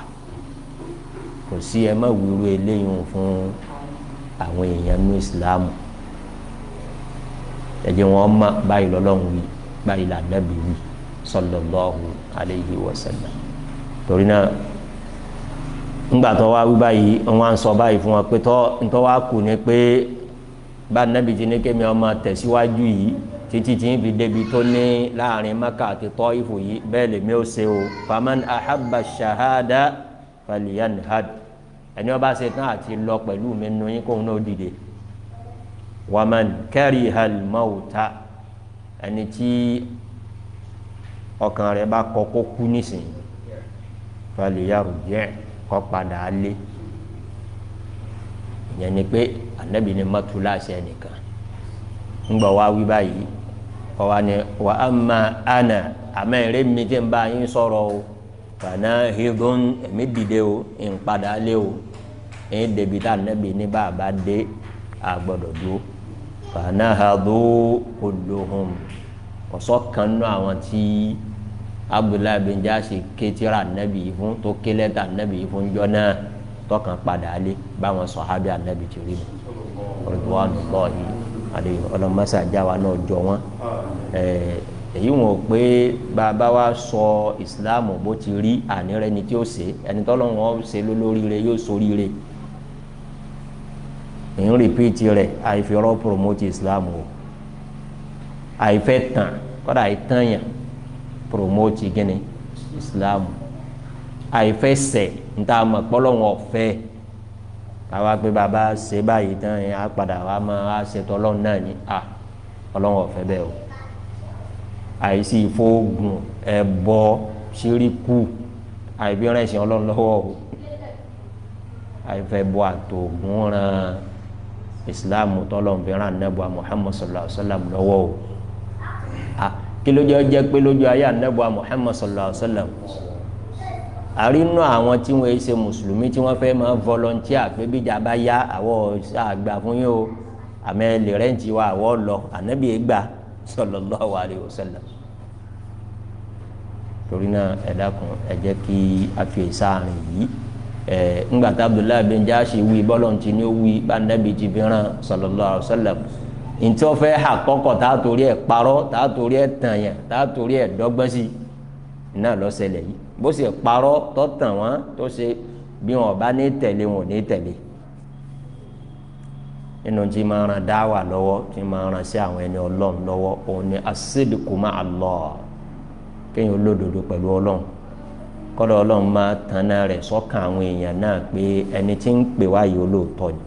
kò sí ẹ mọ wíru eléyìí fún àwọn èèyàn ní ìsìlámù ẹjẹ wọn mọ báyìí lọ́lọ́run wí báyìí lànàbì wí sallallahu alayhi wa sallam torí náà ńgbà tó wá wí báyìí wọn á sọ báyìí fún wọn pé tó ń wá kù ni pé bá nàbì ti ní kémi ọmọ tẹ̀síwájú yìí títí tí ń fi débi tó ní láàrin maka àti tọ́ìfù yìí bẹ́ẹ̀ lèmi ó ṣe o faman ahabba shahada falyanhad ẹni wọn bá ṣe tán àti lọ pẹ̀lú mi nù yín kóun náà dìde waman karihal mauta ẹni tí ọkàn rẹ̀ bá kọ̀ kú nísìnyí falyaruji' kó padà lé ìyẹn ni pé anabi ni mọ́tò láṣẹ nìkan ńgbà wá wí báyìí ọwọ wa ama ana ma ànà àmọ́ èrè mi tí ń bá yín sọ̀rọ̀ o fànà hìdùn èmi dìde o ń padà lé o ń débi tá ànábì ní bàbá dé àgbọ́dọ̀ dúró fànà hàdó olóhùn ọsọ kan nù àwọn tí abdullahi bin jaasi ketira ànábì yìí fún tó kélẹta ànábì yìí fún jọ náà tọkàn padà lé báwọn sọhábì ànábì ti rí mi rìdwan lọhìí àdéhùn ọlọmọsà já wa náà jọ wọn èyí wọn ò pé bàbá wa sọ ìsìláàmù bó ti rí àní rẹ ni tí ó ṣe ẹni tọ́lọ́ wọn ṣe lólóríire yóò soríire èyí rìpíìtì rẹ àìfẹ́rọ́ promote ìsìláàmù o àìfẹ́ tàn kọ́dà àìtànyàn promote gíní ìsìláàmù àìfẹ́ sẹ̀ ń tà mọ̀ pọ́lọ́wọ́n àwa pé bàbá ṣe báyìí tán yẹn á padà wá máa ṣètò ọlọ́run náà ni à ọlọ́run ọ̀fẹ́ bẹ́ẹ̀ o àìsí ìfowógùn ẹ̀bọ ṣíríkù àìbíọ́rẹ́ ìsìn ọlọ́run lọ́wọ́ o àìfẹ́ bọ́ àtògùn ràn ìsìláàmù tọ́lọ̀mùfẹ́ràn anábọ̀ Muhammad sallallahu alaihi wasallam lọ́wọ́ o kí ló jẹ́ pé lójú ayé anábọ̀ Muhammad sallallahu alaihi àrínú àwọn tí wọn ṣe mùsùlùmí tí wọn fẹ́ máa volunteer pé bíjà bá yá àwọn àgbà fún yín o àmọ́ ẹ lè rẹǹtì wa àwọ lọ ànábì ẹgbà sallallahu alaihi wasallam torí náà ẹ dákun ẹ jẹ́ kí a fi sáàrin yìí ẹ ńgbàtà Abdullahi bin Jashi wí bọlọǹtì ni ó wí bá ànábì ti fi ràn sallallahu alaihi wasallam ntí wọn fẹ́ hà kọ́kọ́ tá a torí ẹ̀ parọ́ tá a torí ẹ̀ tàn yẹn tá torí ẹ̀ dọ́gbọ́n sí iná lọ́sẹ̀lẹ̀ yìí bó sì parọ́ tó tàn wọ́n tó ṣe bí wọn bá ní tẹ̀lé wọn ò ní tẹ̀lé nínú tí máa ran dáwà lọ́wọ́ tí máa ran sí àwọn ẹni ọlọ́run lọ́wọ́ òun ni as-sidqu Allah kéèyàn olódodo pẹ̀lú ọlọ́run kọ́dọ̀ ọlọ́run máa tanná rẹ̀ sọ́kàn àwọn èèyàn náà pé ẹni tí ń pè wá yìí olóòótọ́ ni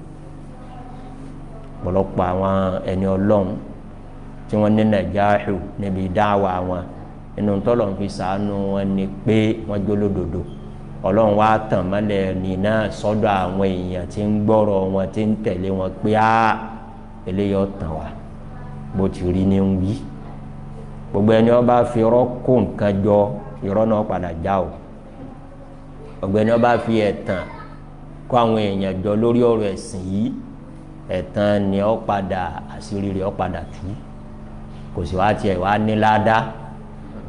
ọ̀pọ̀lọpọ̀ àwọn ẹni ọlọ́run tí wọ́n ní nàìjíríà níbi dáwà wọn inú tọ́lọ̀ ń fi sàánú wọn ni pé wọ́n jólódodo ọlọ́run wá tàn mọ́lẹ̀ nínà sọ́dọ̀ àwọn èèyàn tí ń gbọ́rọ̀ wọn tí ń tẹ̀lé wọn pé á eléyọ̀ tàn wá bó ti rí ni ń wí gbogbo ẹni ó bá fi irọ́ nǹkan jọ irọ́ náà padà já o gbogbo ẹni ó bá fi ẹ̀tàn kó àwọn èèyàn jọ lórí ọ̀rọ̀ ẹ̀sìn yìí ẹ̀tàn ni ó padà àṣírí rẹ̀ ó padà tú kò sì wá tiẹ̀ wá ní ládàá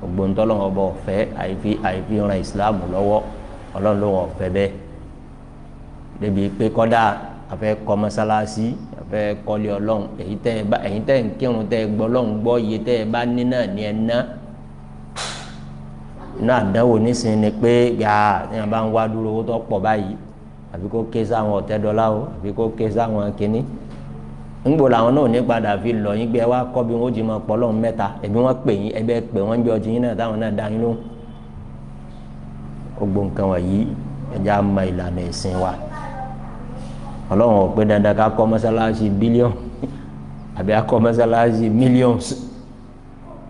ògbóntọ́lọ́wọ́ bọ̀ fẹ́ àìfi àìfi ran ìsìláàmù lọ́wọ́ ọlọ́run ló wọ̀ fẹ́ bẹ́ẹ̀ débi pé kọ́dà afẹ́ kọ́ mọ́sálásí afẹ́ kọ́lé ọlọ́run èyí tẹ́ ẹ bá èyí tẹ́ ń kírun tẹ́ ẹ gbọ́ ọlọ́run gbọ́ iye tẹ́ ẹ bá ní náà ní ẹ ná iná àdánwò nísìnyí ni pé yàrá ní wọn bá ń wá dúró owó tó pọ̀ báyìí àbí kó ké sáwọn ọ̀tẹ́dọ́lá àbí kó ké sáwọn kínní ńgbò làwọn náà ní padà fi lọ yín gbé wá kọ́ bí wọ́n ti máa pọ́lọ́ mẹ́ta ẹ̀bí wọ́n pè yín ẹ̀bẹ́ pè wọ́n jọ ti yín náà táwọn náà dá yín lóhùn. gbogbo nǹkan wọ̀nyí ẹja ma ìlànà ẹ̀sìn wa ọlọ́run ò pé dandan ká kọ́ mọ́sálásí bílíọ̀n àbí akọ mọ́sálásí mílíọ̀nsì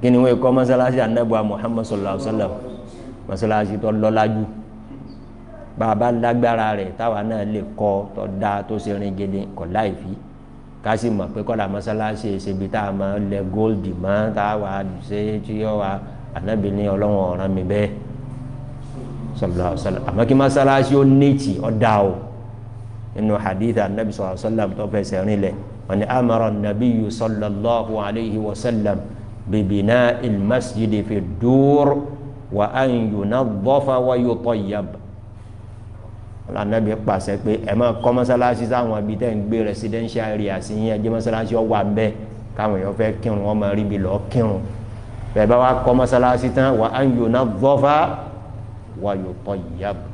kí ni wọ́n kọ́ mọ́sálásí anábùa Muhammad sallallahu alayhi wa sallam mọ́sálásí tó lọ́lájú bàbá lágbára rẹ̀ táwa náà lè kọ́ tó dáa tó ṣe rìn ká sì mọ̀ pé kọ́dà mọ́sálásí ìṣèbí tá a máa lẹ góòlì mọ́ tá a wà ṣe tí yọ wa ànábì ní ọlọ́run ọ̀ràn mi bẹ́ẹ̀ sallallahu alaihi wasallam àmọ́ kí mọ́sálásí ó nẹ́ẹ̀tì ọ̀dà o nínú hadith ànábì sallallahu alaihi wasallam tó fẹsẹ̀ rinlẹ̀ wọn ni amara nabiyyu sallallahu alaihi wasallam bibina'il masjidi fi dur wa an yunaddafa wa yutayyab ọlànàbí pàṣẹ pé ẹ máa kọ́ mọ́sálásí sáwọn ibi tẹ́ ń gbé residential area sí yín ẹjẹ́ mọ́sálásí ọ wà bẹ́ẹ̀ káwọn èèyàn fẹ́ kírun wọn máa rí ibi lọ́ọ́ kírun bẹ́ẹ̀ bá wá kọ́ mọ́sálásí tán wà á ń yò ná vọ́fà wà yóò tọ́ ìyá bù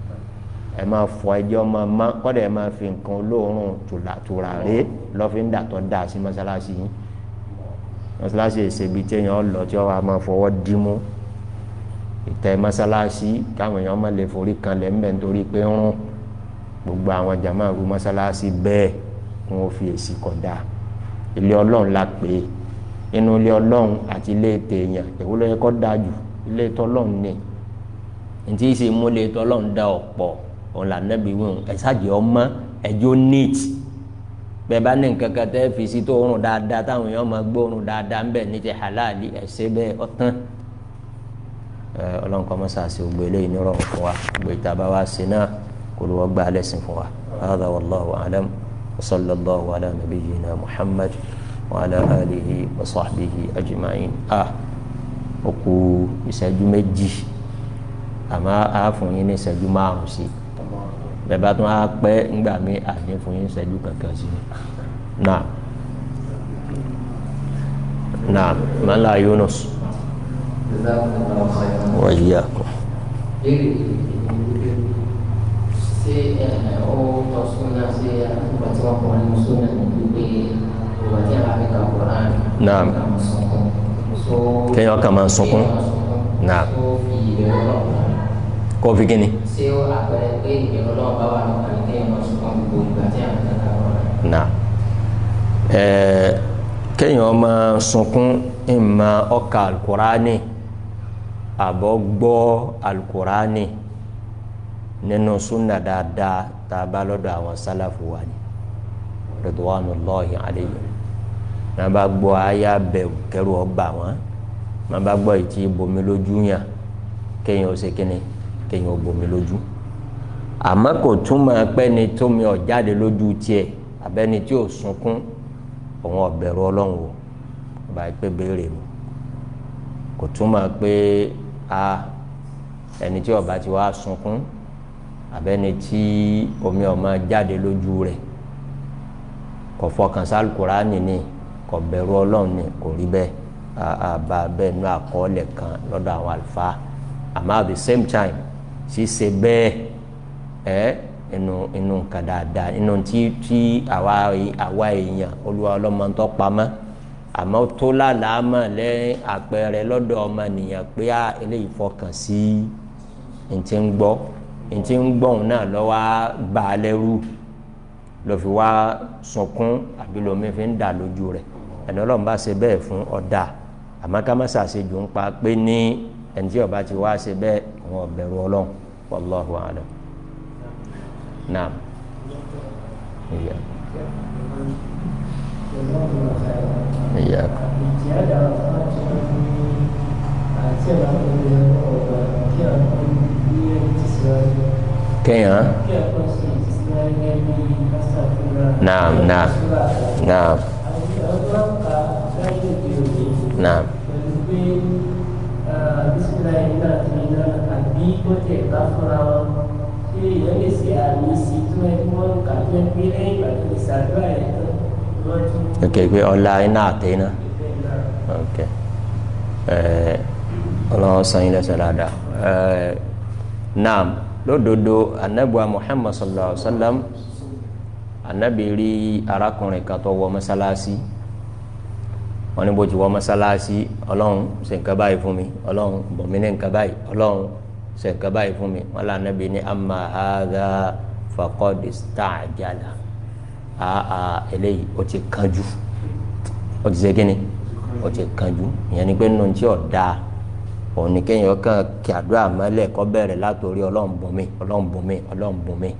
ẹ máa fọ ẹjẹ́ ọmọ má kọ́dà ẹ máa fi nǹkan olóòórùn tùràrí lọ́fíńdà tó dà sí mọ́sálásí yín mọ́sálásí èsèbi téèyàn lọ tí wọ́n máa fọwọ́ káwọn èèyàn má lè forí kan lẹ́ ń bẹ̀ nítorí pé ń rún gbogbo àwọn jama ru mọ́sálásí bẹ́ẹ̀ kí wọ́n fi èsì kọ̀dá ilé ọlọ́run la pè é inú ilé ọlọ́run àti ilé tèèyàn èwo ló yẹ kó dáa jù ilé tọ́lọ́run ni ntí ṣe mú ilé tọ́lọ́run dá ọ̀pọ̀ òun là nẹ́bi wíwọ̀n ẹ̀sàjì ọmọ ẹ̀jọ́ neat bẹ́ẹ̀ bá ní nǹkan kan tẹ́ fi sí tó oorun dáadáa táwọn èèyàn máa gbóòórùn dáadáa ń ní ti halali ẹ̀sẹ̀ bẹ́ẹ̀ ọ̀tán ọlọ́run kọ́ mọ́sáàsì gbogbo eléyìí nírọ̀ fún wa gbogbo ìta wa sí náà kólúwọ́ gbà lẹ́sìn fún wa hādhā wallāhu a'lam wa sallallahu ala nabiyyina muhammad wa ala alihi wa sahbihi ajma'in a ó kù ìṣẹ́jú méjì àmọ́ a fún yín ní ìṣẹ́jú márùn-ún sí bẹ́ẹ̀ bá tún á pẹ́ ńgbà mí àní fún yín ìṣẹ́jú kankan sí náà náà mọ́lá yunus. وإياكم ṣé ó tọ́ súnà ṣé àgbà tí wọ́n kọ́ nínú súnà wípé ìwà tí a bá fi kà kọ́ láàrin. naam kéèyàn kàn máa sunkún naam kó fi kí ni. ṣé ó àpẹẹrẹ pé ìbẹ̀rù ọlọ́run bá wà lọ́kàn o kéèyàn máa sunkún gbogbo ìgbà tí a bá fi kà kọ́ láàrin. naam ẹ̀ẹ́ kéèyàn máa sunkún ìmọ̀ A alukurani àbọ̀ gbọ́ alukurani nínú súnà dáadáa tá a bá lọ́dọ̀ àwọn sálàfù wa ni ridwanullahi alayhim náà bá gbọ́ aya bẹ̀rù kẹrù ọba wọn máa bá gbọ́ ìtì bomi lójú yàn kéèyàn ó ṣe kíni kéèyàn ó bomi lójú àmọ́ kò túmọ̀ pé ni tómi ọ̀jáde lójú tiẹ̀ abẹ́ni tí ò sunkún òun ọ̀bẹ̀rù ọlọ́run o ọba ìpè béèrè mu kò túmọ̀ pé a ẹni tí ọba ti wá sunkún abẹ́ni tí omi ọ̀ma jáde lójú rẹ̀ kò fọkàn sí alukurani ni kò bẹ̀rù ọlọ́run ni kò rí bẹ́ẹ̀ àbá bẹ́ẹ̀ nú àkọọ́lẹ̀ kan lọ́dọ̀ àwọn àlùfáà àmọ́ at the same time ṣíṣe bẹ́ẹ̀ ẹ́ inú inú nǹkan dáadáa inú tí tí àwa àwa èèyàn olúwa ọlọ́mọ tó pamọ́ àmọ́ tó lálàá mọ̀ lẹ́yìn àpẹẹrẹ lọ́dọ̀ ọmọ nìyẹn pé eléyìí fọkàn sí ntí ń gbọ́ ntí ń gbọ̀n náà lọ wá bá a lẹ́rú lọ fi wá sunkún àbí lomi fi ń dà lójú rẹ̀ ẹni ọlọ́run bá ṣe bẹ́ẹ̀ fún ọ̀dà àmọ́ ká má ṣàṣejù ń pa pé ní ẹni tí ọba ti wá ṣe bẹ́ẹ̀ wọn bẹ̀rù ọlọ́run wallahu alam naam. Yeah. Kan ya? Naam, naam. Naam. Naam. Okay, kui online na te na. Okay. Eh, Allah sayang dah salah dah. Eh, naam lódodo anabiwa muhammad sallallahu alaihi wa sallam anabi rí arákùnrin kan tó wọ mọ́sálásí wọ́n ní bó ti wọ mọ́sálásí ọlọ́run ṣe nǹkan báyìí fún mi ọlọ́run bọ̀mí ní nǹkan báyìí ọlọ́run ṣe nǹkan báyìí fún mi wọ́n là anabi ní amma hadha faqad ista'jala àà eléyìí ó ti kanjú ó ti ṣe kí ni ti kanjú ìyẹn pé nínú tí òun ni kéèyàn kàn kí àdúrà mọ́lẹ̀ kọ́ bẹ̀rẹ̀ látòrí ọlọ́run bùnmi ọlọ́run bùnmi ọlọ́run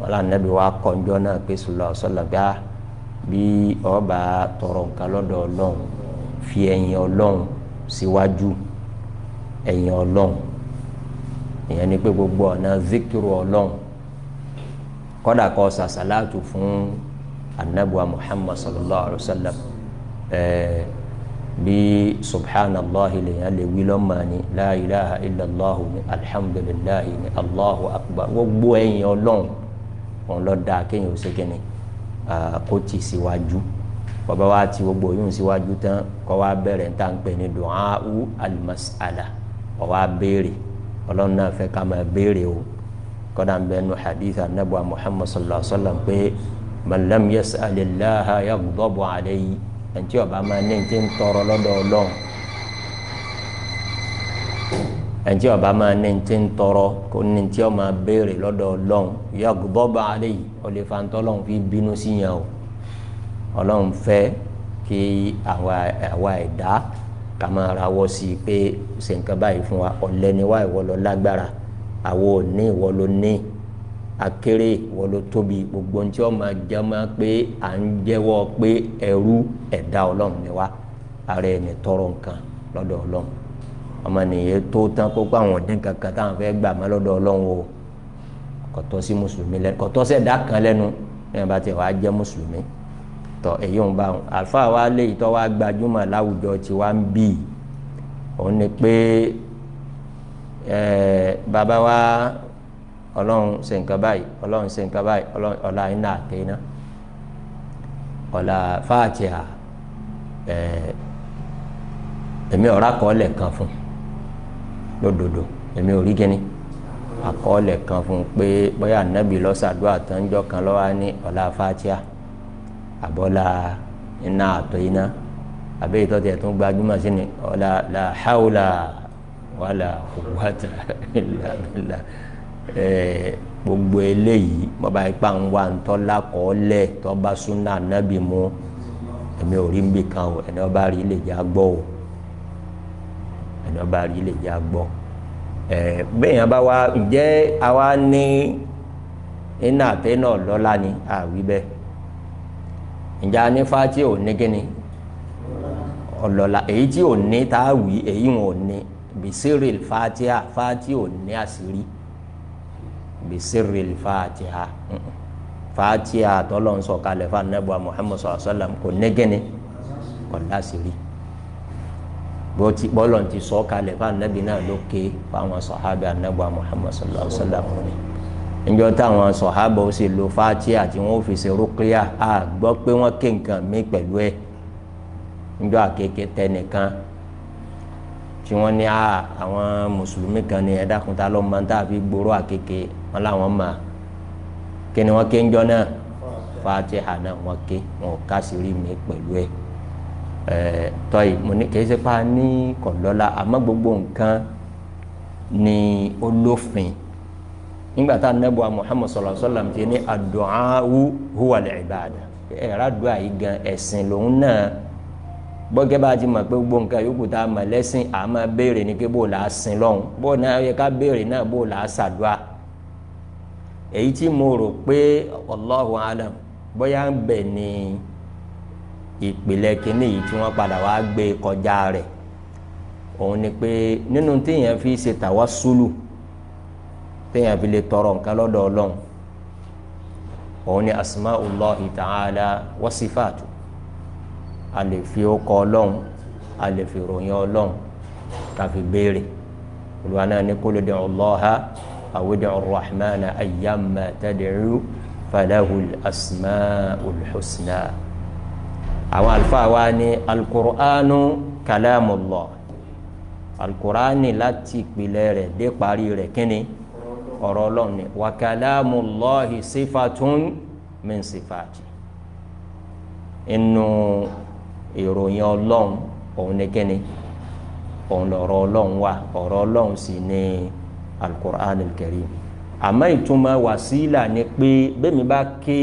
wọn là nẹ́bí wa kọ́njọ́ náà pé sùlọ sọlọ́gà ah, bí ọba tọrọ nǹkan lọ́dọ̀ ọlọ́run fi ẹ̀yìn ọlọ́run síwájú ẹ̀yìn ọlọ́run ìyẹn ni pé gbogbo ọ̀nà zikiru ọlọ́run kọ́dà kọ́ sàṣàlátù fún anabuwa muhammad sallallahu alayhi wa sallam ẹ̀ẹ́ bí subhanallahi lèyàn lè wí lọ́mọ ni la ilaha illallahu ni alhamdulillahi ni allahu akbar gbogbo ẹ̀yìn ọlọ́run òun lọ dáa kéèyàn ó ṣe kíni kó tì síwájú bàbá wa ti gbogbo yóò síwájú tán kọ́ wa bẹ̀rẹ̀ níta ń pè ní du'a'u al-mas'ala kọ́ wa béèrè ọlọ́run náà fẹ́ ká máa béèrè o kọ́dà ń bẹ́ẹ̀ nu hadith anabu muhammad sallallahu alaihi wa sallam pé man lam yas'alillaha yaghdabu ẹnití ọba máa ní ẹnití ń tọrọ lọ́dọ̀ Ọlọ́run ẹnití ọba máa ní ẹnití ń tọrọ kó ní ẹnití ọba máa béèrè lọ́dọ̀ Ọlọ́run yàgùbọ bá alẹ yìí olèfàntọ Ọlọ́run fi bínú sí yẹn o Ọlọ́run fẹ́ kí àwa ẹ̀dá ká máa rawọ́ sí i pé ṣe báyìí fún wa ọ̀lẹ́ni wa ìwọ ló lágbára àwọn ní ìwọ ló ní akéré wọlé tóbi gbogbo ntí wọn máa jẹ máa pé à ń jẹ́wọ́ pé ẹrú ẹ̀dá Ọlọ́run ni wá ara ẹni tọrọ nǹkan lọ́dọ̀ Ọlọ́run ọmọnìyàn tó tán kó àwọn ọdún kankan táwọn fẹ́ẹ́ gbà má lọ́dọ̀ Ọlọ́run o kọtọ sí mùsùlùmí lẹ́nu kọtọ sẹdá kan lẹ́nu lẹ́yìn bá ti wàá jẹ mùsùlùmí tọ èyí ń bá wọn àlùfà wa lé ìtọ́ wa gbajúmọ̀ láwùjọ tí wa ń bì í òun ni pé ẹ bàbá wa ọlọ́run ṣe nǹkan báyìí ọlọ́run ṣe nǹkan báyìí ọlá iná àti iná ọlá fáàtìyà èmi ọ̀rá kọ́ọ̀lẹ̀ kan fún lódodo èmi ò rí gíní àkọọ́lẹ̀ kan fún un pé bóyá ànábì lọ́sàdúrà tán jọ kan lọ́wọ́ ní ọ̀la fatia àbọ̀là iná àtọ̀ iná àbẹ́ ìtọ́tẹ̀ tó gbajúmọ̀ sí ni ọ̀la la haula wàlà quwwata illa billah. Eh, gbogbo eléyìí bàbá ipa ń wá ntọ́ lakọ́ọ́lẹ̀ tọ́ba súnà nábì mu èmi ò rí nbì kan o ẹni ọba rí lè já gbọ́ o ẹni ọba rí lè já gbọ́ ẹ eh, bẹ́ẹ̀ yẹn bá wa ǹjẹ́ àwa ní iná àtẹ náà lọ́la ni àwí bẹ́ẹ̀ ǹjẹ́ a ní fati ò ní kíni ọlọ́la èyí tí ò ní tá a wí èyí wọn ò ní bisiril fatia fati ò ní àṣírí bisiri fatiha fatiha tọ́lọ̀ ń sọ̀kalẹ̀ fún anabuwa muhammad sallallahu alayhi sallam kò nẹ́gẹ́ni kò lásìrí bọ́tí bọ́lọ̀ ti sọ̀kalẹ̀ fún anabi náà lókè fún àwọn sọ̀hábì anabuwa muhammad sallallahu alayhi wa sallam njọ táwọn sọ̀hábà ó sì lo fatiha tí wọ́n fi ṣe rúkìá a gbọ́ pé wọ́n ké nǹkan mí pẹ̀lú ẹ̀ njọ àkekè tẹnìkan tí wọ́n ní àwọn mùsùlùmí kan ní ẹ̀dá kúta lọ́mọ tá a fi gbòòrò àkekè wọn làwọn mà kí ni wọn ké ń jọ náà fatiha náà wọn ké wọn ká sí rí mi pẹ̀lú ẹ tọ́yì mo ní kì í ṣe ní kọ̀lọ́lá àmọ́ gbogbo nǹkan ni olófin nígbà tá a nẹ́bù wa Muhammad sọlọ sọlọ ti ní adu'awu huwa al-ibada ẹ̀rọ àdúrà gan ẹ̀sìn lòun náà bọ́gẹ́ bá ti mọ̀ pé gbogbo nǹkan yòókù tá a mọ̀ lẹ́sìn àmọ́ béèrè ní pé bó la sin lọ́hùn bó náà yẹ ká béèrè náà bó la ṣàdúrà èyí tí mo rò pé Allahu alam bóyá ń bẹ̀ ni ìpìlẹ̀ kínní yìí tí wọ́n padà wá gbé kọjá rẹ̀ òun ni pé nínú téèyàn fi ṣe tàwásùlù téèyàn fi lè tọrọ nǹkan lọ́dọ̀ ọlọ́run òun ni asma'ullahi ta'ala wa sifatu a lè fi ọkọ ọlọ́run a lè fi ròyìn ọlọ́run ká béèrè olùwà náà kó lè dẹ̀ Allaha. أو ادعوا الرحمن أيما تدعوا فله الأسماء الحسنى àwọn àlùfáà wa ni alukur'anu kalamullah alukur'ani láti ìpìlẹ̀ rẹ̀ dé parí rẹ̀ kíni ọ̀rọ̀ ọlọ́run ni wa kalamullahi sifatun min sifati inú ìròyìn ọlọ́run òun ni kíni òun lọ̀rọ̀ ọlọ́run wa ọ̀rọ̀ ọlọ́run sì ni. Si alukur'an karim àmọ́ ìtumọ̀ wàsílà ni pé bẹ́ẹ̀ mi bá ké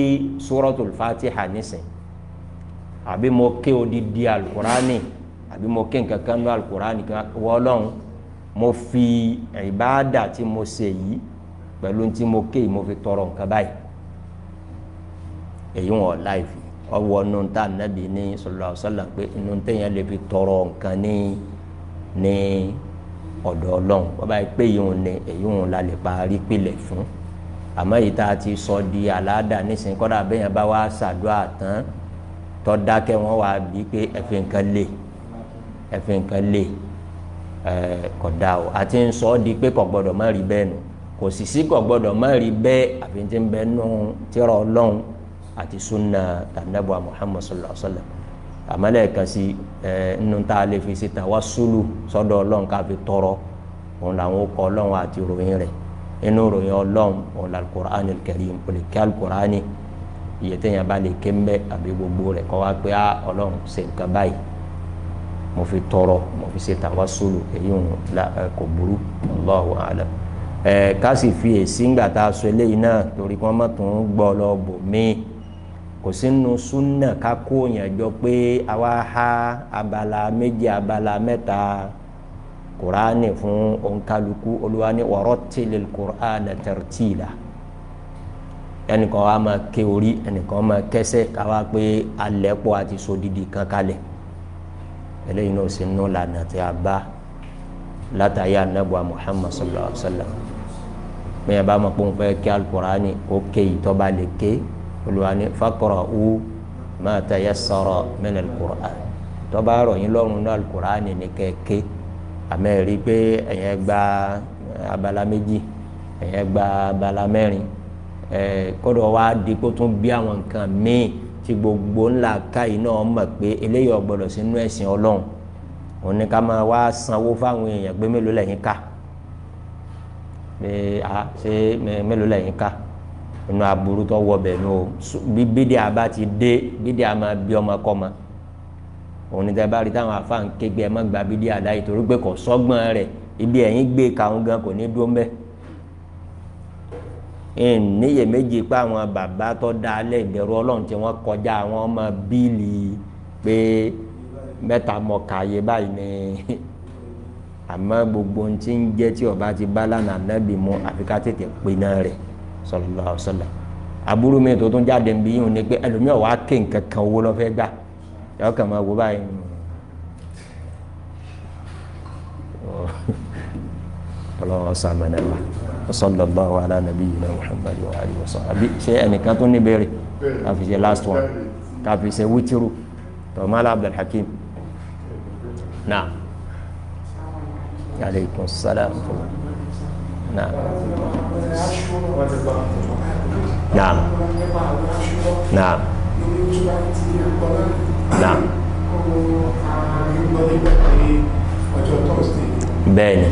suratul fatiha nísìn àbí mo ké odidi alukur'ani àbí mo ké nǹkan kan ní alukur'ani kan wọ́lọ́hún mo fi ìbáàdà tí mo ṣe yìí pẹ̀lú tí mo ké mo fi tọrọ nǹkan báyìí èyí wọn láìfi ọwọ́ inú ta nàbì ní sallallahu pé inú tẹ̀yàn lè fi tọrọ nǹkan ní ní ọ̀dọ̀ ọlọ́run bàbá yìí pé yìí ń ní èyí ń la lè parí pilẹ̀ fún àmọ́ èyí tá a ti sọ di aláàdá nísìnyí kọ́dà bẹ́yẹn bá wá ṣàdúrà tán tọ́dákẹ́ wọn wá bí pé ẹ̀fìn nǹkan lè ẹ̀fìn nǹkan lè kódà o àti ń sọ di pé kò gbọ́dọ̀ má rí bẹ́ẹ̀ nù kò sì sí kò gbọ́dọ̀ má rí bẹ́ẹ̀ àfi tí ń bẹ́ẹ̀ nù tírà ọlọ́run àti sunna tàbí nàbọ̀ Muhammad sallallahu àmọ́lẹ́ẹ̀kan sí ẹ nínú tá a lè fi ṣe tawassulu sọ́dọ̀ ọlọ́run ká fi tọrọ òun làwọn ó kọ ọlọ́run àti ròyìn rẹ̀ inú ròyìn ọlọ́run òun là alukur'an karim kò kí alukur'an iye téèyàn bá lè àbí gbogbo rẹ̀ kọ́ wá pé á ọlọ́run ṣe nǹkan báyìí mo fi tọrọ mo fi ṣe tawassulu èyí òun kò burú Allahu a'lam ẹ ká sì fi èsì ńgbà tá a sọ eléyìí náà torí kí wọ́n má tún gbọ́ lọ bò míì kò sínú súnà kákó yẹn jọ pé àwa ha abala méjì abala mẹ́ta kuraani fún onkaluku olúwa ni warattilil kuraana tartila ẹnìkan wa máa ké orí ẹnìkan máa kẹsẹ̀ káwa pé alẹ́ pọ̀ àti sódìdí kankalẹ̀ eléyìí náà sínú lànà tí a bá látàyà anabu muhammad sallallahu alaihi wa sallam mẹ́yàbá máa pọ́n fẹ́ kí alukurani ó ké yìí tó lè ké olùwàní faqra'u ma tayassara min al-Qur'an tó bá rọ̀ yín lọ́rùn náà al-Qur'an ní kẹ́kẹ́ àmọ́ ẹ rí i pé ẹ̀yẹn gba eh, abala méjì ẹ̀yẹn gba abala mẹ́rin ẹ̀ eh, kọ́dọ̀ wá di kó tún bí àwọn nǹkan míì tí gbogbo ńlá káyìí náà mọ̀ pé eléyìí ọ̀gbọ́dọ̀ sínú ẹ̀sìn ọlọ́run òun ni ká máa wá sanwó fáwọn èèyàn pé mélòó lẹ́yìn ká ah, ṣe mélòó lẹ́yìn ká inú aburú tó wọ bẹ̀ ní o bí bídìí àbá ti dé bídìí àmà bí ọmọ kọ́ ma òun ní tẹ́bá rí táwọn afáàn kégbé ẹ má gba bídìí àdá yìí torí pé kò sọ́gbọ́n rẹ̀ ibi ẹ̀yìn gbé kàún gan kò ní dúró mbẹ́ níyèméjì pé àwọn bàbá tó dá alẹ́ ìbẹ̀rù ọlọ́run tí wọ́n kọjá àwọn ọmọ bíìlì pé mẹ́ta mọ̀kàyé báyìí ni àmọ́ gbogbo ohun tí ń jẹ́ tí ọba ti bá lánàá nábì mú tètè pinná rẹ̀ sallallahu alaihi wasallam aburú mi tó tún jáde nbí yìí ò ní pé ẹlòmíràn wàá ké nǹkan kan owó lọ́fẹ́ gbà yọ kàn máa wo báyìí ọlọ́wọ́ sàmìnà wa sallallahu ala nabiyyina muhammad wa alihi wa sahbihi ṣé ẹnìkan tó ní bẹ̀rẹ̀ káfi ṣe last one káfi ṣe wítírù tọ́mọ́lá abdulhakeem náà aleykum salaam. نعم نعم نعم نعم bẹ́ẹ̀ni.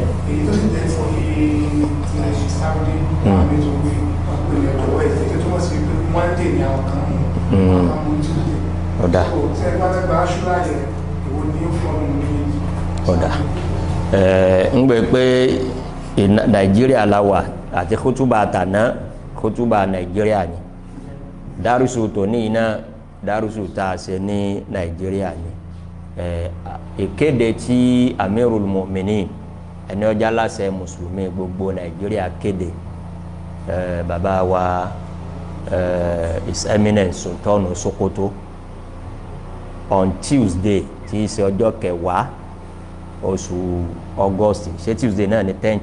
Hmm. ọ̀dà ọ̀dà ẹ̀ ìnà nàìjíríà la wà àti kútúbà àtàná kútúbà nàìjíríà ni dárúsù tòní iná dárúsù tá a ṣe ní nàìjíríà ni ìkéde tí amirul mu'minin ẹni ọjà láṣẹ mùsùlùmí gbogbo nàìjíríà kéde bàbá wa his eminence sultan sokoto on tuesday tí í ṣe ọjọ́ kẹwàá oṣù august ṣé tuesday náà ni ten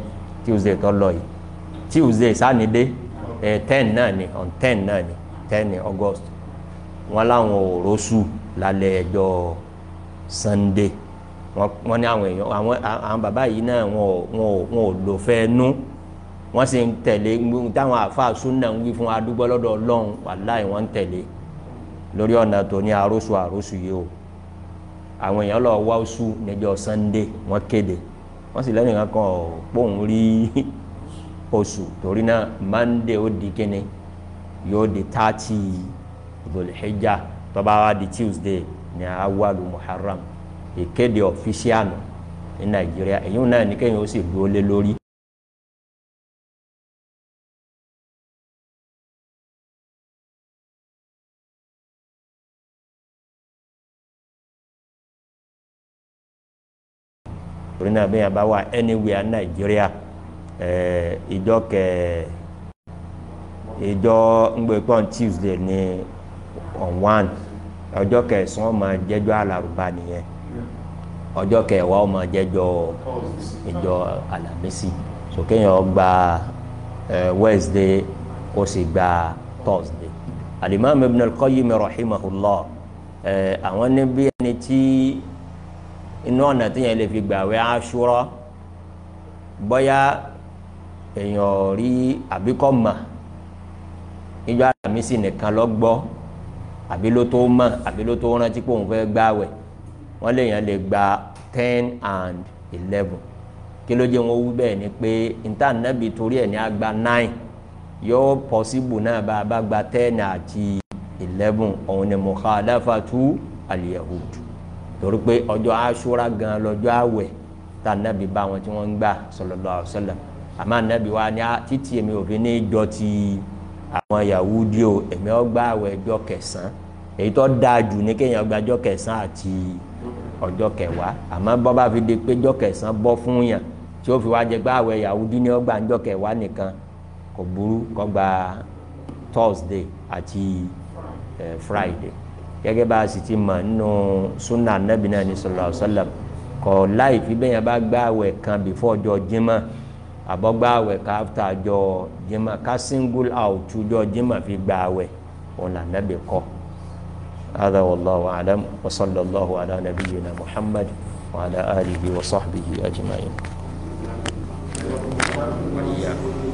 tuesday tó lọ yìí tuesday sannidé ẹ eh, ten náà ni on ten náà ni ten ni august wọn láwọn ò rọ́ṣù lálẹ́ ẹjọ́ sunday wọn ní àwọn èèyàn àwọn àwọn bàbá yìí náà wọn ò wọn ò lò fẹ́ nú wọn sì ń tẹ̀lé táwọn àáfàá súnà ń wí fún adúgbò lọ́dọ̀ ọlọ́run wàláì wọn ń tẹ̀lé lórí ọ̀nà tó ní arósù arósù yìí o àwọn èèyàn lọ wá oṣù níjọ́ sunday wọn kéde wọ́n sì lẹ́nu kankan ọ̀ pòun rí oṣù torí náà mande ó di kíni yóò di tààtì Dhul-Hijja tó bá wá di Tuesday ní awalu Muharram ìkéde ọ̀fíṣíànù ní Nàìjíríà èyí náà ní ó sì dúró lé lórí torí náà bẹ́ẹ̀ bá wà anywhere nàìjíríà eh, ìjọ kẹ ìjọ ngbẹ̀pọ̀ tuesday ní on one ọjọ́ kẹsàn-án ọmọ jẹjọ́ alárùbá nìyẹn ọjọ́ kẹwàá ọmọ jẹjọ́ ìjọ alámísì sòkéyàn gba eh, wednesday kó sì gba thursday alimami ibn al-qayyim rahimahullah eh, àwọn níbi ẹni tí inú ọ̀nà tí yẹn lè fi gbààwẹ̀ aṣúrọ́ bọ́yá èèyàn rí àbíkọ́ mọ̀ níjọ́ àlàmísì nìkan lọ gbọ́ àbí ló tó mọ̀ àbí ló tó rántí pé òun fẹ́ gbààwẹ̀ wọ́n lè yẹn lè gba ten and eleven kí ló jẹ́ wọn wú bẹ́ẹ̀ ni pé níta torí ẹ̀ ní agba nine yóò pọ̀sibù náà bá a bá gba ten àti eleven òun ni mukhalafatu al-yahud torí pé ọjọ́ aṣúra gan lọ́jọ́ àwẹ̀ tá anabi bá wọn tí wọ́n ń gbà sallallahu alaihi wasallam àmọ́ anabi wa ni títí èmi ò fi ní í jọ ti àwọn Yahudi o èmi ó gba àwẹ̀ ọjọ́ kẹsàn-án èyí tó dáa jù ní kéèyàn gba ọjọ́ kẹsàn-án àti ọjọ́ kẹwàá àmọ́ bọ́ bá fi de pé ọjọ́ kẹsàn-án bọ́ fún yàn tí ó fi wá jẹ pé àwẹ̀ Yahudi ni ó gba kẹwàá nìkan kò burú kó gba Thursday àti eh, Friday gẹ́gẹ́ bá a sì ti mọ̀ nínú sunna anabi náà ní sallallahu alaihi wasallam kọ̀ láì fi bẹ́yẹn bá gbá àwẹ̀ kan before ọjọ́ jímọ̀ àbọ̀ gbá àwẹ̀ ká after ọjọ́ jímọ̀ ká single out ọjọ́ jímọ̀ fi gbá àwẹ̀ òun là anabi kọ́ هذا والله أعلم وصلى الله على نبينا محمد وعلى آله وصحبه أجمعين وإياكم